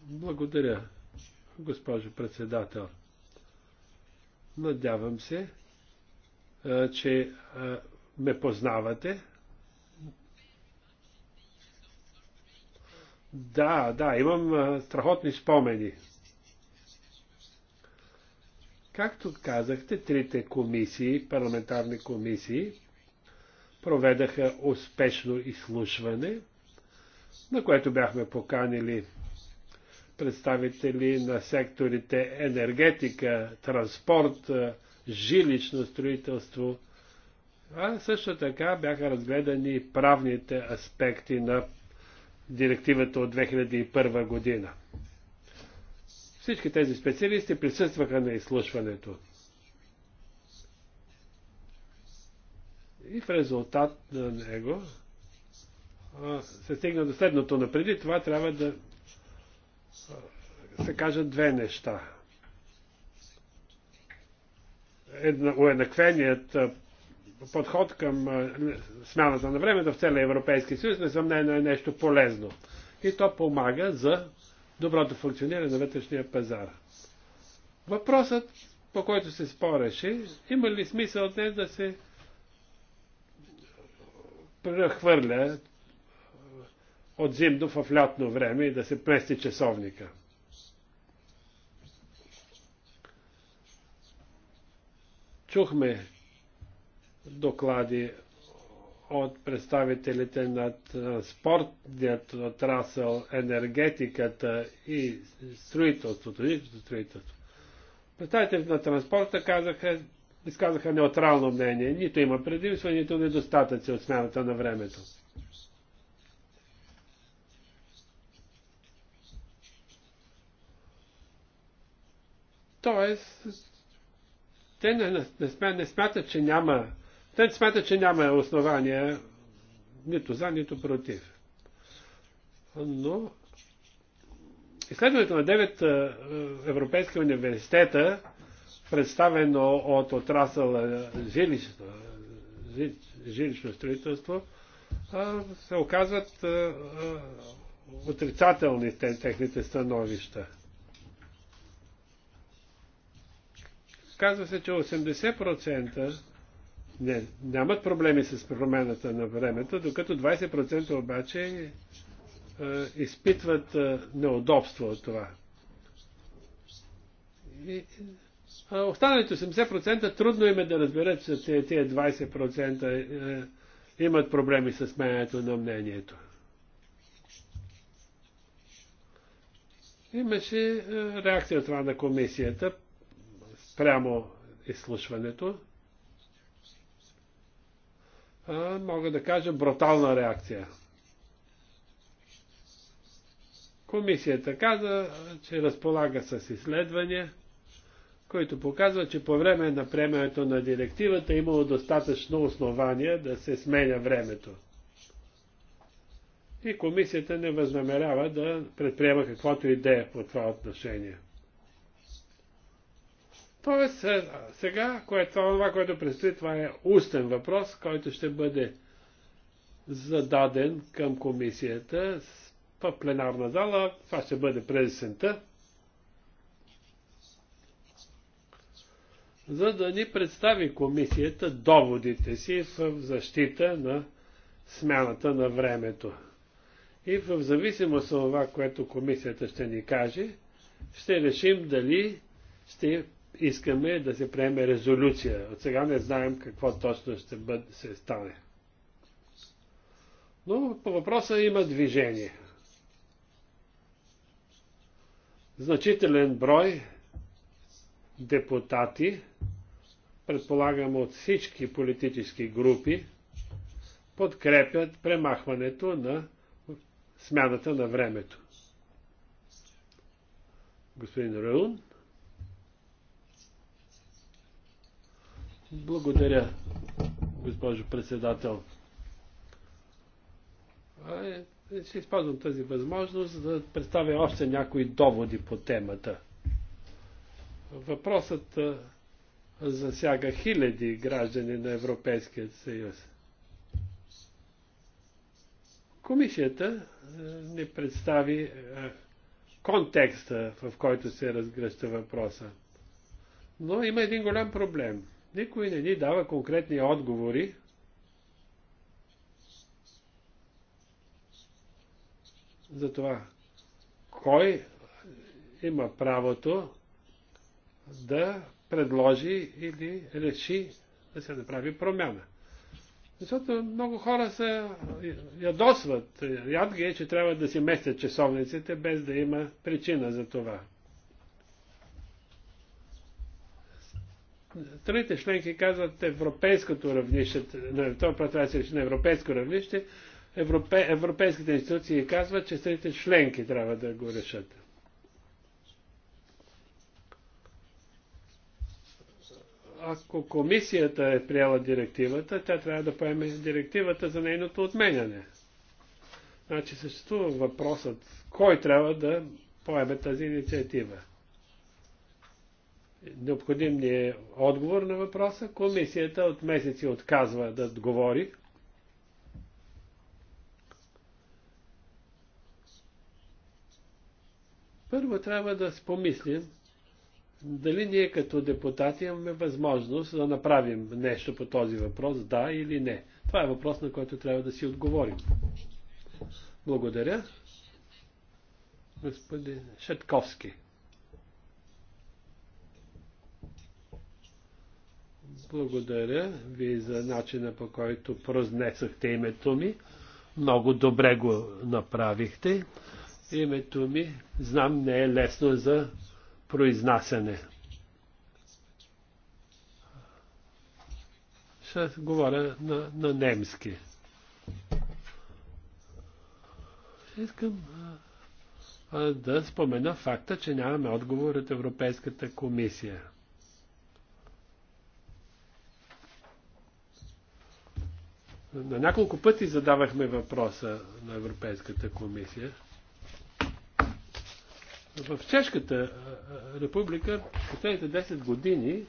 Благодаря госпожо председател. Надявам се, че ме познавате. Да, да, имам страхотни спомени. Както казахте, трите комисии, парламентарни комисии, проведаха успешно изслушване, на което бяхме поканили представители на секторите енергетика, транспорт, е, жилищно строителство, а също така бяха разгледани правните аспекти на директивата от 2001 година. Всички тези специалисти присъстваха на изслушването. И в резултат на него се стигна до следното. Напреди това трябва да се кажат две неща. Една, уеднаквеният подход към смяната на времето в целия Европейски съюз, несъмнено е нещо полезно. И то помага за доброто функциониране на вътрешния пазар. Въпросът, по който се спореше, има ли смисъл днес да се прехвърля от зимно в лятно време и да се прести часовника. Чухме доклади от представителите на транспортният отрасъл, енергетиката и строителството, личното строителство. Представителите на транспорта казаха, изказаха неутрално мнение. Нито има предимства, нито недостатъци от смяната на времето. Тоест, те не, не, не смятат, че няма, те не смятат, че няма основания нито за, нито против. Но изследването на 9 европейски университета, представено от отрасъла жилищно, жилищно строителство, се оказват отрицателни техните становища. Казва се, че 80% не, нямат проблеми с промената на времето, докато 20% обаче е, изпитват е, неудобство от това. И, а останалите 80% трудно им е да разберат, че тези 20% е, имат проблеми с менето на мнението. Имаше е, реакция от това на комисията спрямо изслушването. А, мога да кажа брутална реакция. Комисията каза, че разполага с изследвания, които показват, че по време на приемането на директивата е имало достатъчно основания да се сменя времето. И комисията не възнамерява да предприема каквото идея по това отношение. Тоест, е, сега, което, това, което предстои, това е устен въпрос, който ще бъде зададен към комисията в пленарна зала. Това ще бъде през сента. за да ни представи комисията доводите си в защита на смяната на времето. И в зависимост от това, което комисията ще ни каже, ще решим дали ще искаме да се приеме резолюция. От сега не знаем какво точно ще бъде, се стане. Но по въпроса има движение. Значителен брой депутати, предполагам от всички политически групи, подкрепят премахването на смяната на времето. Господин Ръун. Благодаря, госпожо председател. Е, е, ще използвам тази възможност да представя още някои доводи по темата. Въпросът засяга хиляди граждани на Европейския съюз. Комисията не представи контекста, в който се разгръща въпроса. Но има един голям проблем никой не ни дава конкретни отговори. За това, кой има правото да предложи или реши да се направи промяна. Защото много хора се ядосват. Яд ги е, че трябва да си местят часовниците без да има причина за това. Трите членки казват европейското равнище, на това на европейско равнище, европе, европейските институции казват, че трите членки трябва да го решат. Ако комисията е приела директивата, тя трябва да поеме директивата за нейното отменяне. Значи съществува въпросът, кой трябва да поеме тази инициатива. Необходим ни е отговор на въпроса. Комисията от месеци отказва да отговори. Първо трябва да спомислим дали ние като депутати имаме възможност да направим нещо по този въпрос, да или не. Това е въпрос, на който трябва да си отговорим. Благодаря. Господин Шетковски. Благодаря ви за начина по който произнесахте името ми. Много добре го направихте. Името ми, знам, не е лесно за произнасяне. Ще говоря на, на немски. Искам а, а, да спомена факта, че нямаме отговор от Европейската комисия. На няколко пъти задавахме въпроса на Европейската комисия. В Чешката република последните 10 години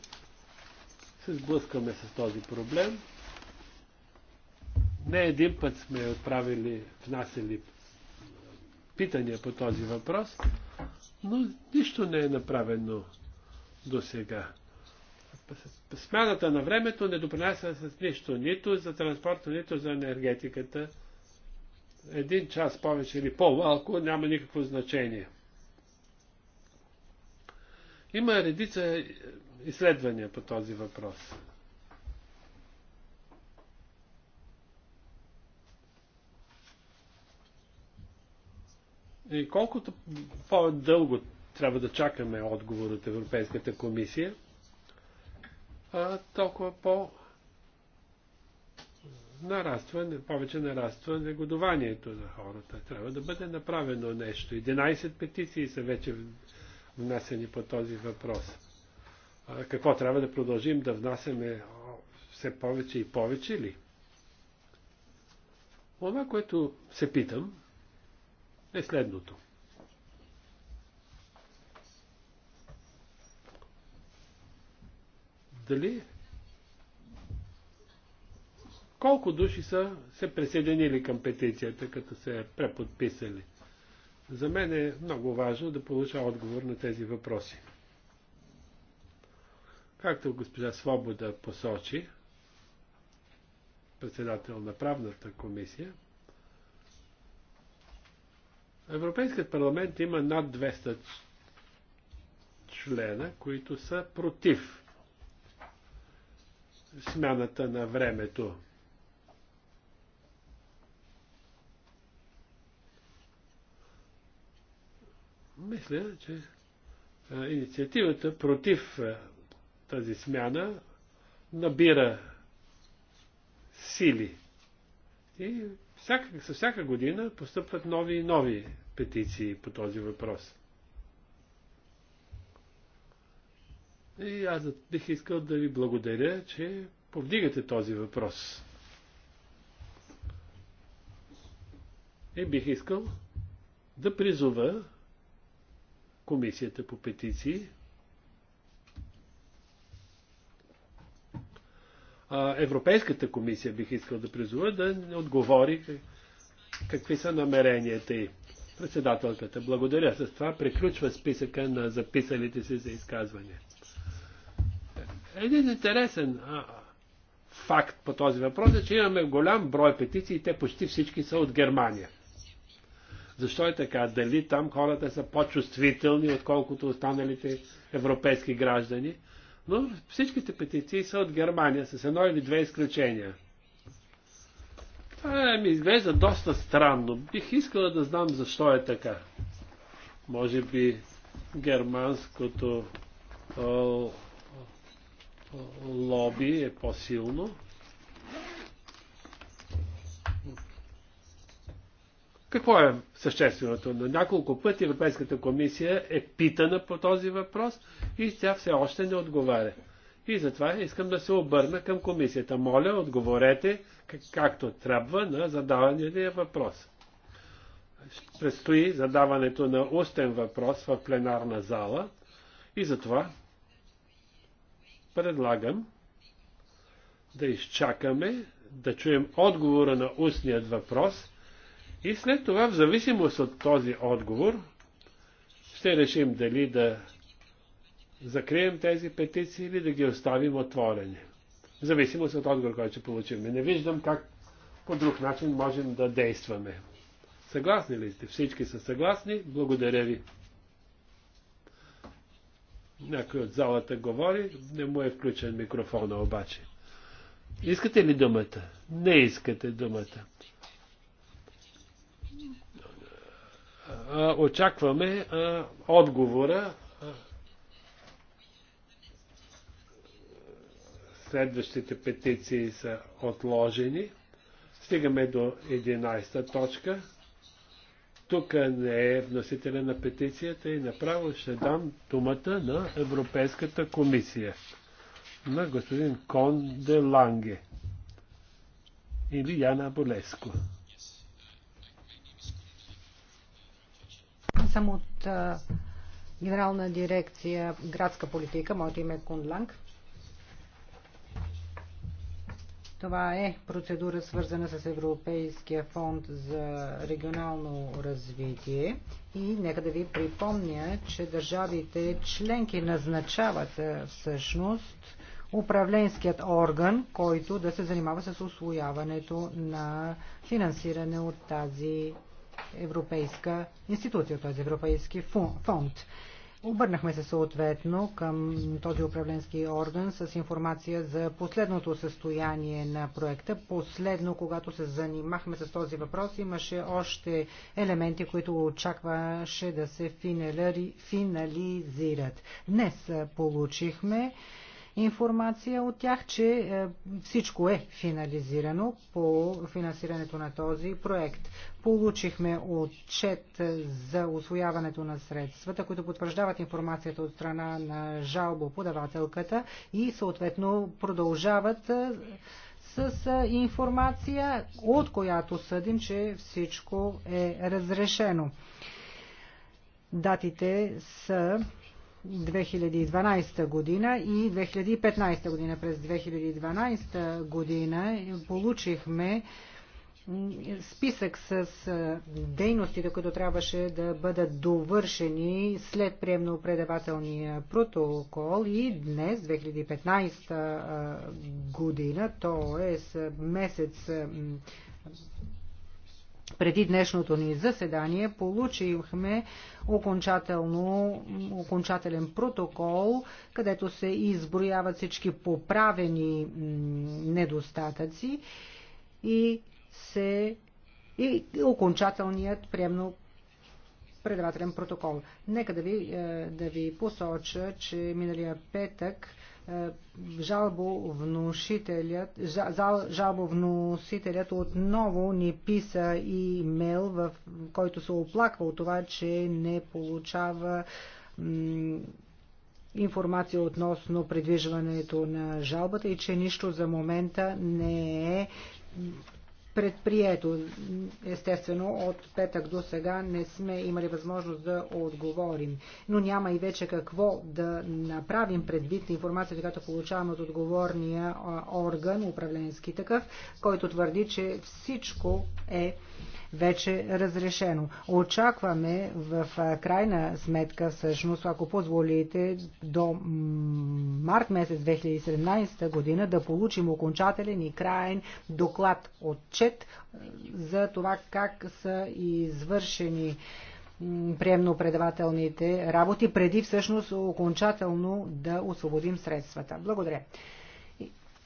се сблъскаме с този проблем. Не един път сме отправили, внасяли питания по този въпрос, но нищо не е направено до сега смяната на времето не допринася с нищо, нито за транспорта, нито за енергетиката. Един час повече или по-малко няма никакво значение. Има редица изследвания по този въпрос. И колкото по-дълго трябва да чакаме отговор от Европейската комисия, толкова по нараства, повече нараства негодованието на хората. Трябва да бъде направено нещо. 11 петиции са вече внасени по този въпрос. Какво трябва да продължим да внасяме все повече и повече ли? Това, което се питам, е следното. Дали колко души са се присъединили към петицията, като се преподписали? За мен е много важно да получа отговор на тези въпроси. Както госпожа Свобода посочи, председател на правната комисия, Европейският парламент има над 200 члена, които са против смяната на времето. Мисля, че инициативата против тази смяна набира сили. И всяка, всяка година постъпват нови и нови петиции по този въпрос. И аз бих искал да ви благодаря, че повдигате този въпрос. И бих искал да призова Комисията по петиции Европейската комисия бих искал да призова да не отговори какви са намеренията й. Председателката, благодаря. С това приключва списъка на записалите се за изказвания. Един интересен а, факт по този въпрос е, че имаме голям брой петиции и те почти всички са от Германия. Защо е така? Дали там хората са по-чувствителни, отколкото останалите европейски граждани? Но всичките петиции са от Германия, с едно или две изключения. Това ми изглежда доста странно. Бих искала да знам защо е така. Може би германското лоби е по-силно. Какво е същественото? На няколко пъти Европейската комисия е питана по този въпрос и тя все още не отговаря. И затова искам да се обърна към комисията. Моля, отговорете как, както трябва на задавания въпрос. Предстои задаването на устен въпрос в пленарна зала и затова предлагам да изчакаме, да чуем отговора на устният въпрос и след това, в зависимост от този отговор, ще решим дали да закрием тези петиции или да ги оставим отворени. В зависимост от отговор, който ще получим. Не виждам как по друг начин можем да действаме. Съгласни ли сте? Всички са съгласни. Благодаря ви. Някой от залата говори, не му е включен микрофона обаче. Искате ли думата? Не искате думата. очакваме а, отговора а, следващите петиции са отложени. Стигаме до 11 точка тук не е вносителя на петицията и направо ще дам думата на Европейската комисия на господин Кон де Ланге или Яна Болеско. Аз съм от а, Генерална дирекция градска политика, моето име е Кон Ланг. Това е процедура свързана с Европейския фонд за регионално развитие. И нека да ви припомня, че държавите членки назначават е, всъщност управленският орган, който да се занимава с освояването на финансиране от тази европейска институция, този Европейски фонд. Обърнахме се съответно към този управленски орган с информация за последното състояние на проекта. Последно, когато се занимахме с този въпрос, имаше още елементи, които очакваше да се финализират. Днес получихме информация от тях, че е, всичко е финализирано по финансирането на този проект. Получихме отчет за освояването на средствата, които потвърждават информацията от страна на жалбоподавателката и съответно продължават е, с е, информация, от която съдим, че всичко е разрешено. Датите са 2012 година и 2015 година. През 2012 година получихме списък с дейностите, които трябваше да бъдат довършени след приемно-предавателния протокол и днес, 2015 година, т.е. месец преди днешното ни заседание получихме окончателен протокол, където се изброяват всички поправени недостатъци и се и окончателният приемно предавателен протокол. Нека да ви, е, да ви посоча, че миналия петък е, жалбовносителят, жал, жалбовносителят отново ни писа имейл, в който се оплаква от това, че не получава информация относно предвижването на жалбата и че нищо за момента не е предприето. Естествено, от петък до сега не сме имали възможност да отговорим. Но няма и вече какво да направим предвид информацията, която получаваме от отговорния орган, управленски такъв, който твърди, че всичко е вече разрешено. Очакваме в крайна сметка, всъщност, ако позволите, до март месец 2017 година да получим окончателен и краен доклад, отчет за това как са извършени приемно-предавателните работи, преди всъщност окончателно да освободим средствата. Благодаря.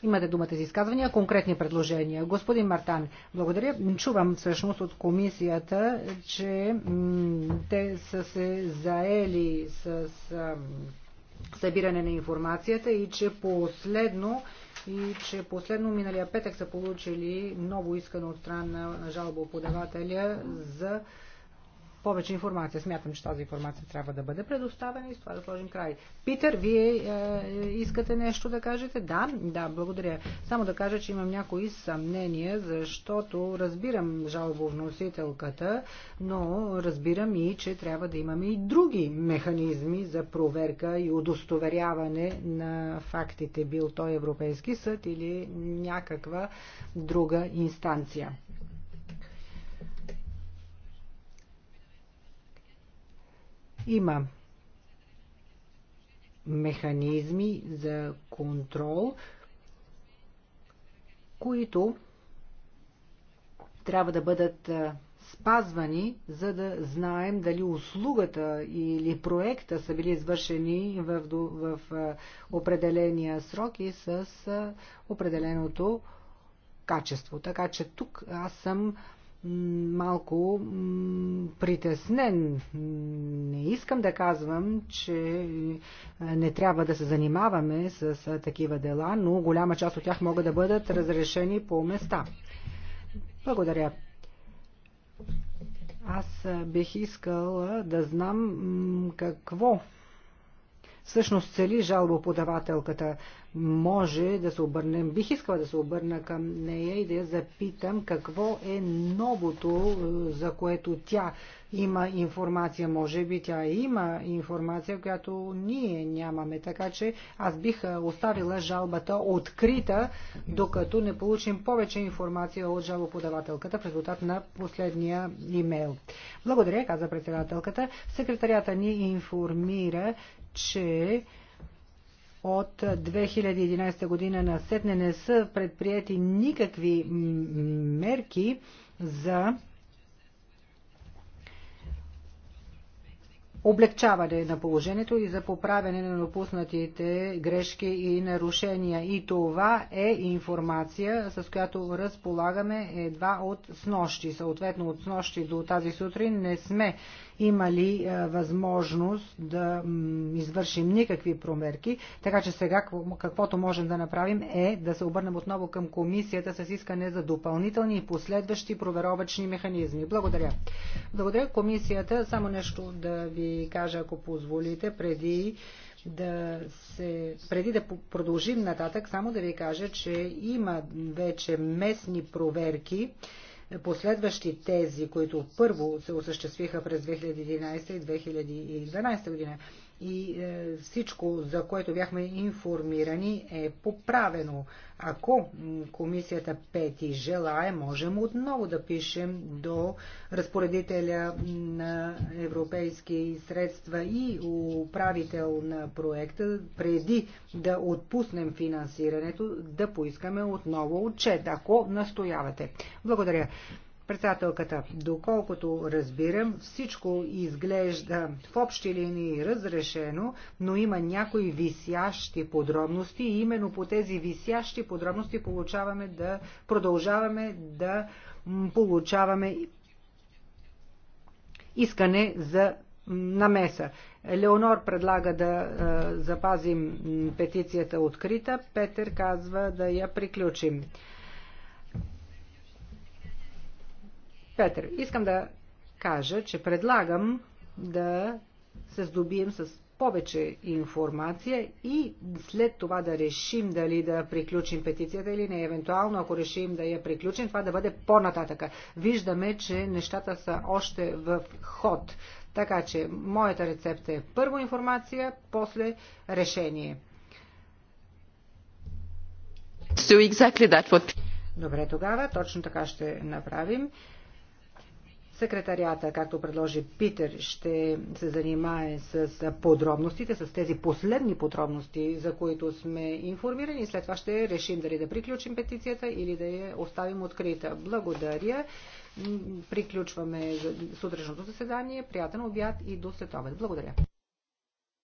Имате думата за изказвания, конкретни предложения. Господин Мартан, благодаря. Чувам всъщност от комисията, че те са се заели с събиране на информацията и че последно и че последно миналия петък са получили ново искане от страна на жалобоподавателя за повече информация. Смятам, че тази информация трябва да бъде предоставена и с това да сложим край. Питър, вие е, искате нещо да кажете? Да, да, благодаря. Само да кажа, че имам някои съмнения, защото разбирам жалбовносителката, но разбирам и, че трябва да имаме и други механизми за проверка и удостоверяване на фактите, бил той Европейски съд или някаква друга инстанция. Има механизми за контрол, които трябва да бъдат спазвани, за да знаем дали услугата или проекта са били извършени в, в, определения срок и с определеното качество. Така че тук аз съм малко притеснен. Не искам да казвам, че е, не трябва да се занимаваме с е, такива дела, но голяма част от тях могат да бъдат разрешени по места. Благодаря. Аз е, бих искал да знам какво всъщност цели жалбоподавателката може да се обърнем, бих искала да се обърна към нея и да я запитам какво е новото, е, за което тя има информация. Може би тя има информация, която ние нямаме. Така че аз бих е, оставила жалбата открита, докато не получим повече информация от жалоподавателката в резултат на последния имейл. Благодаря, каза председателката. Секретарията ни информира, че от 2011 година на сетне не са предприяти никакви мерки за облегчаване на положението и за поправяне на допуснатите грешки и нарушения. И това е информация, с която разполагаме едва от снощи. Съответно от снощи до тази сутрин не сме има ли е, възможност да извършим никакви промерки, така че сега каквото можем да направим е да се обърнем отново към комисията с искане за допълнителни и последващи проверовачни механизми. Благодаря. Благодаря комисията. Само нещо да ви кажа, ако позволите, преди да се, преди да продължим нататък, само да ви кажа, че има вече местни проверки, последващи тези, които първо се осъществиха през 2011 и 2012 година и е, всичко, за което бяхме информирани, е поправено. Ако комисията пети желае, можем отново да пишем до разпоредителя на европейски средства и управител на проекта, преди да отпуснем финансирането, да поискаме отново отчет, ако настоявате. Благодаря. Председателката, доколкото разбирам, всичко изглежда в общи линии разрешено, но има някои висящи подробности и именно по тези висящи подробности получаваме да продължаваме да получаваме искане за намеса. Леонор предлага да запазим петицията открита, Петър казва да я приключим. Петър, искам да кажа, че предлагам да се здобием с повече информация и след това да решим дали да приключим петицията или не. Евентуално, ако решим да я приключим, това да бъде по-нататъка. Виждаме, че нещата са още в ход. Така че, моята рецепта е първо информация, после решение. Добре, тогава точно така ще направим. Секретарията, както предложи Питер, ще се занимае с подробностите, с тези последни подробности, за които сме информирани. След това ще решим дали да приключим петицията или да я оставим открита. Благодаря. Приключваме сутрешното заседание. Приятен обяд и до след обед. Благодаря.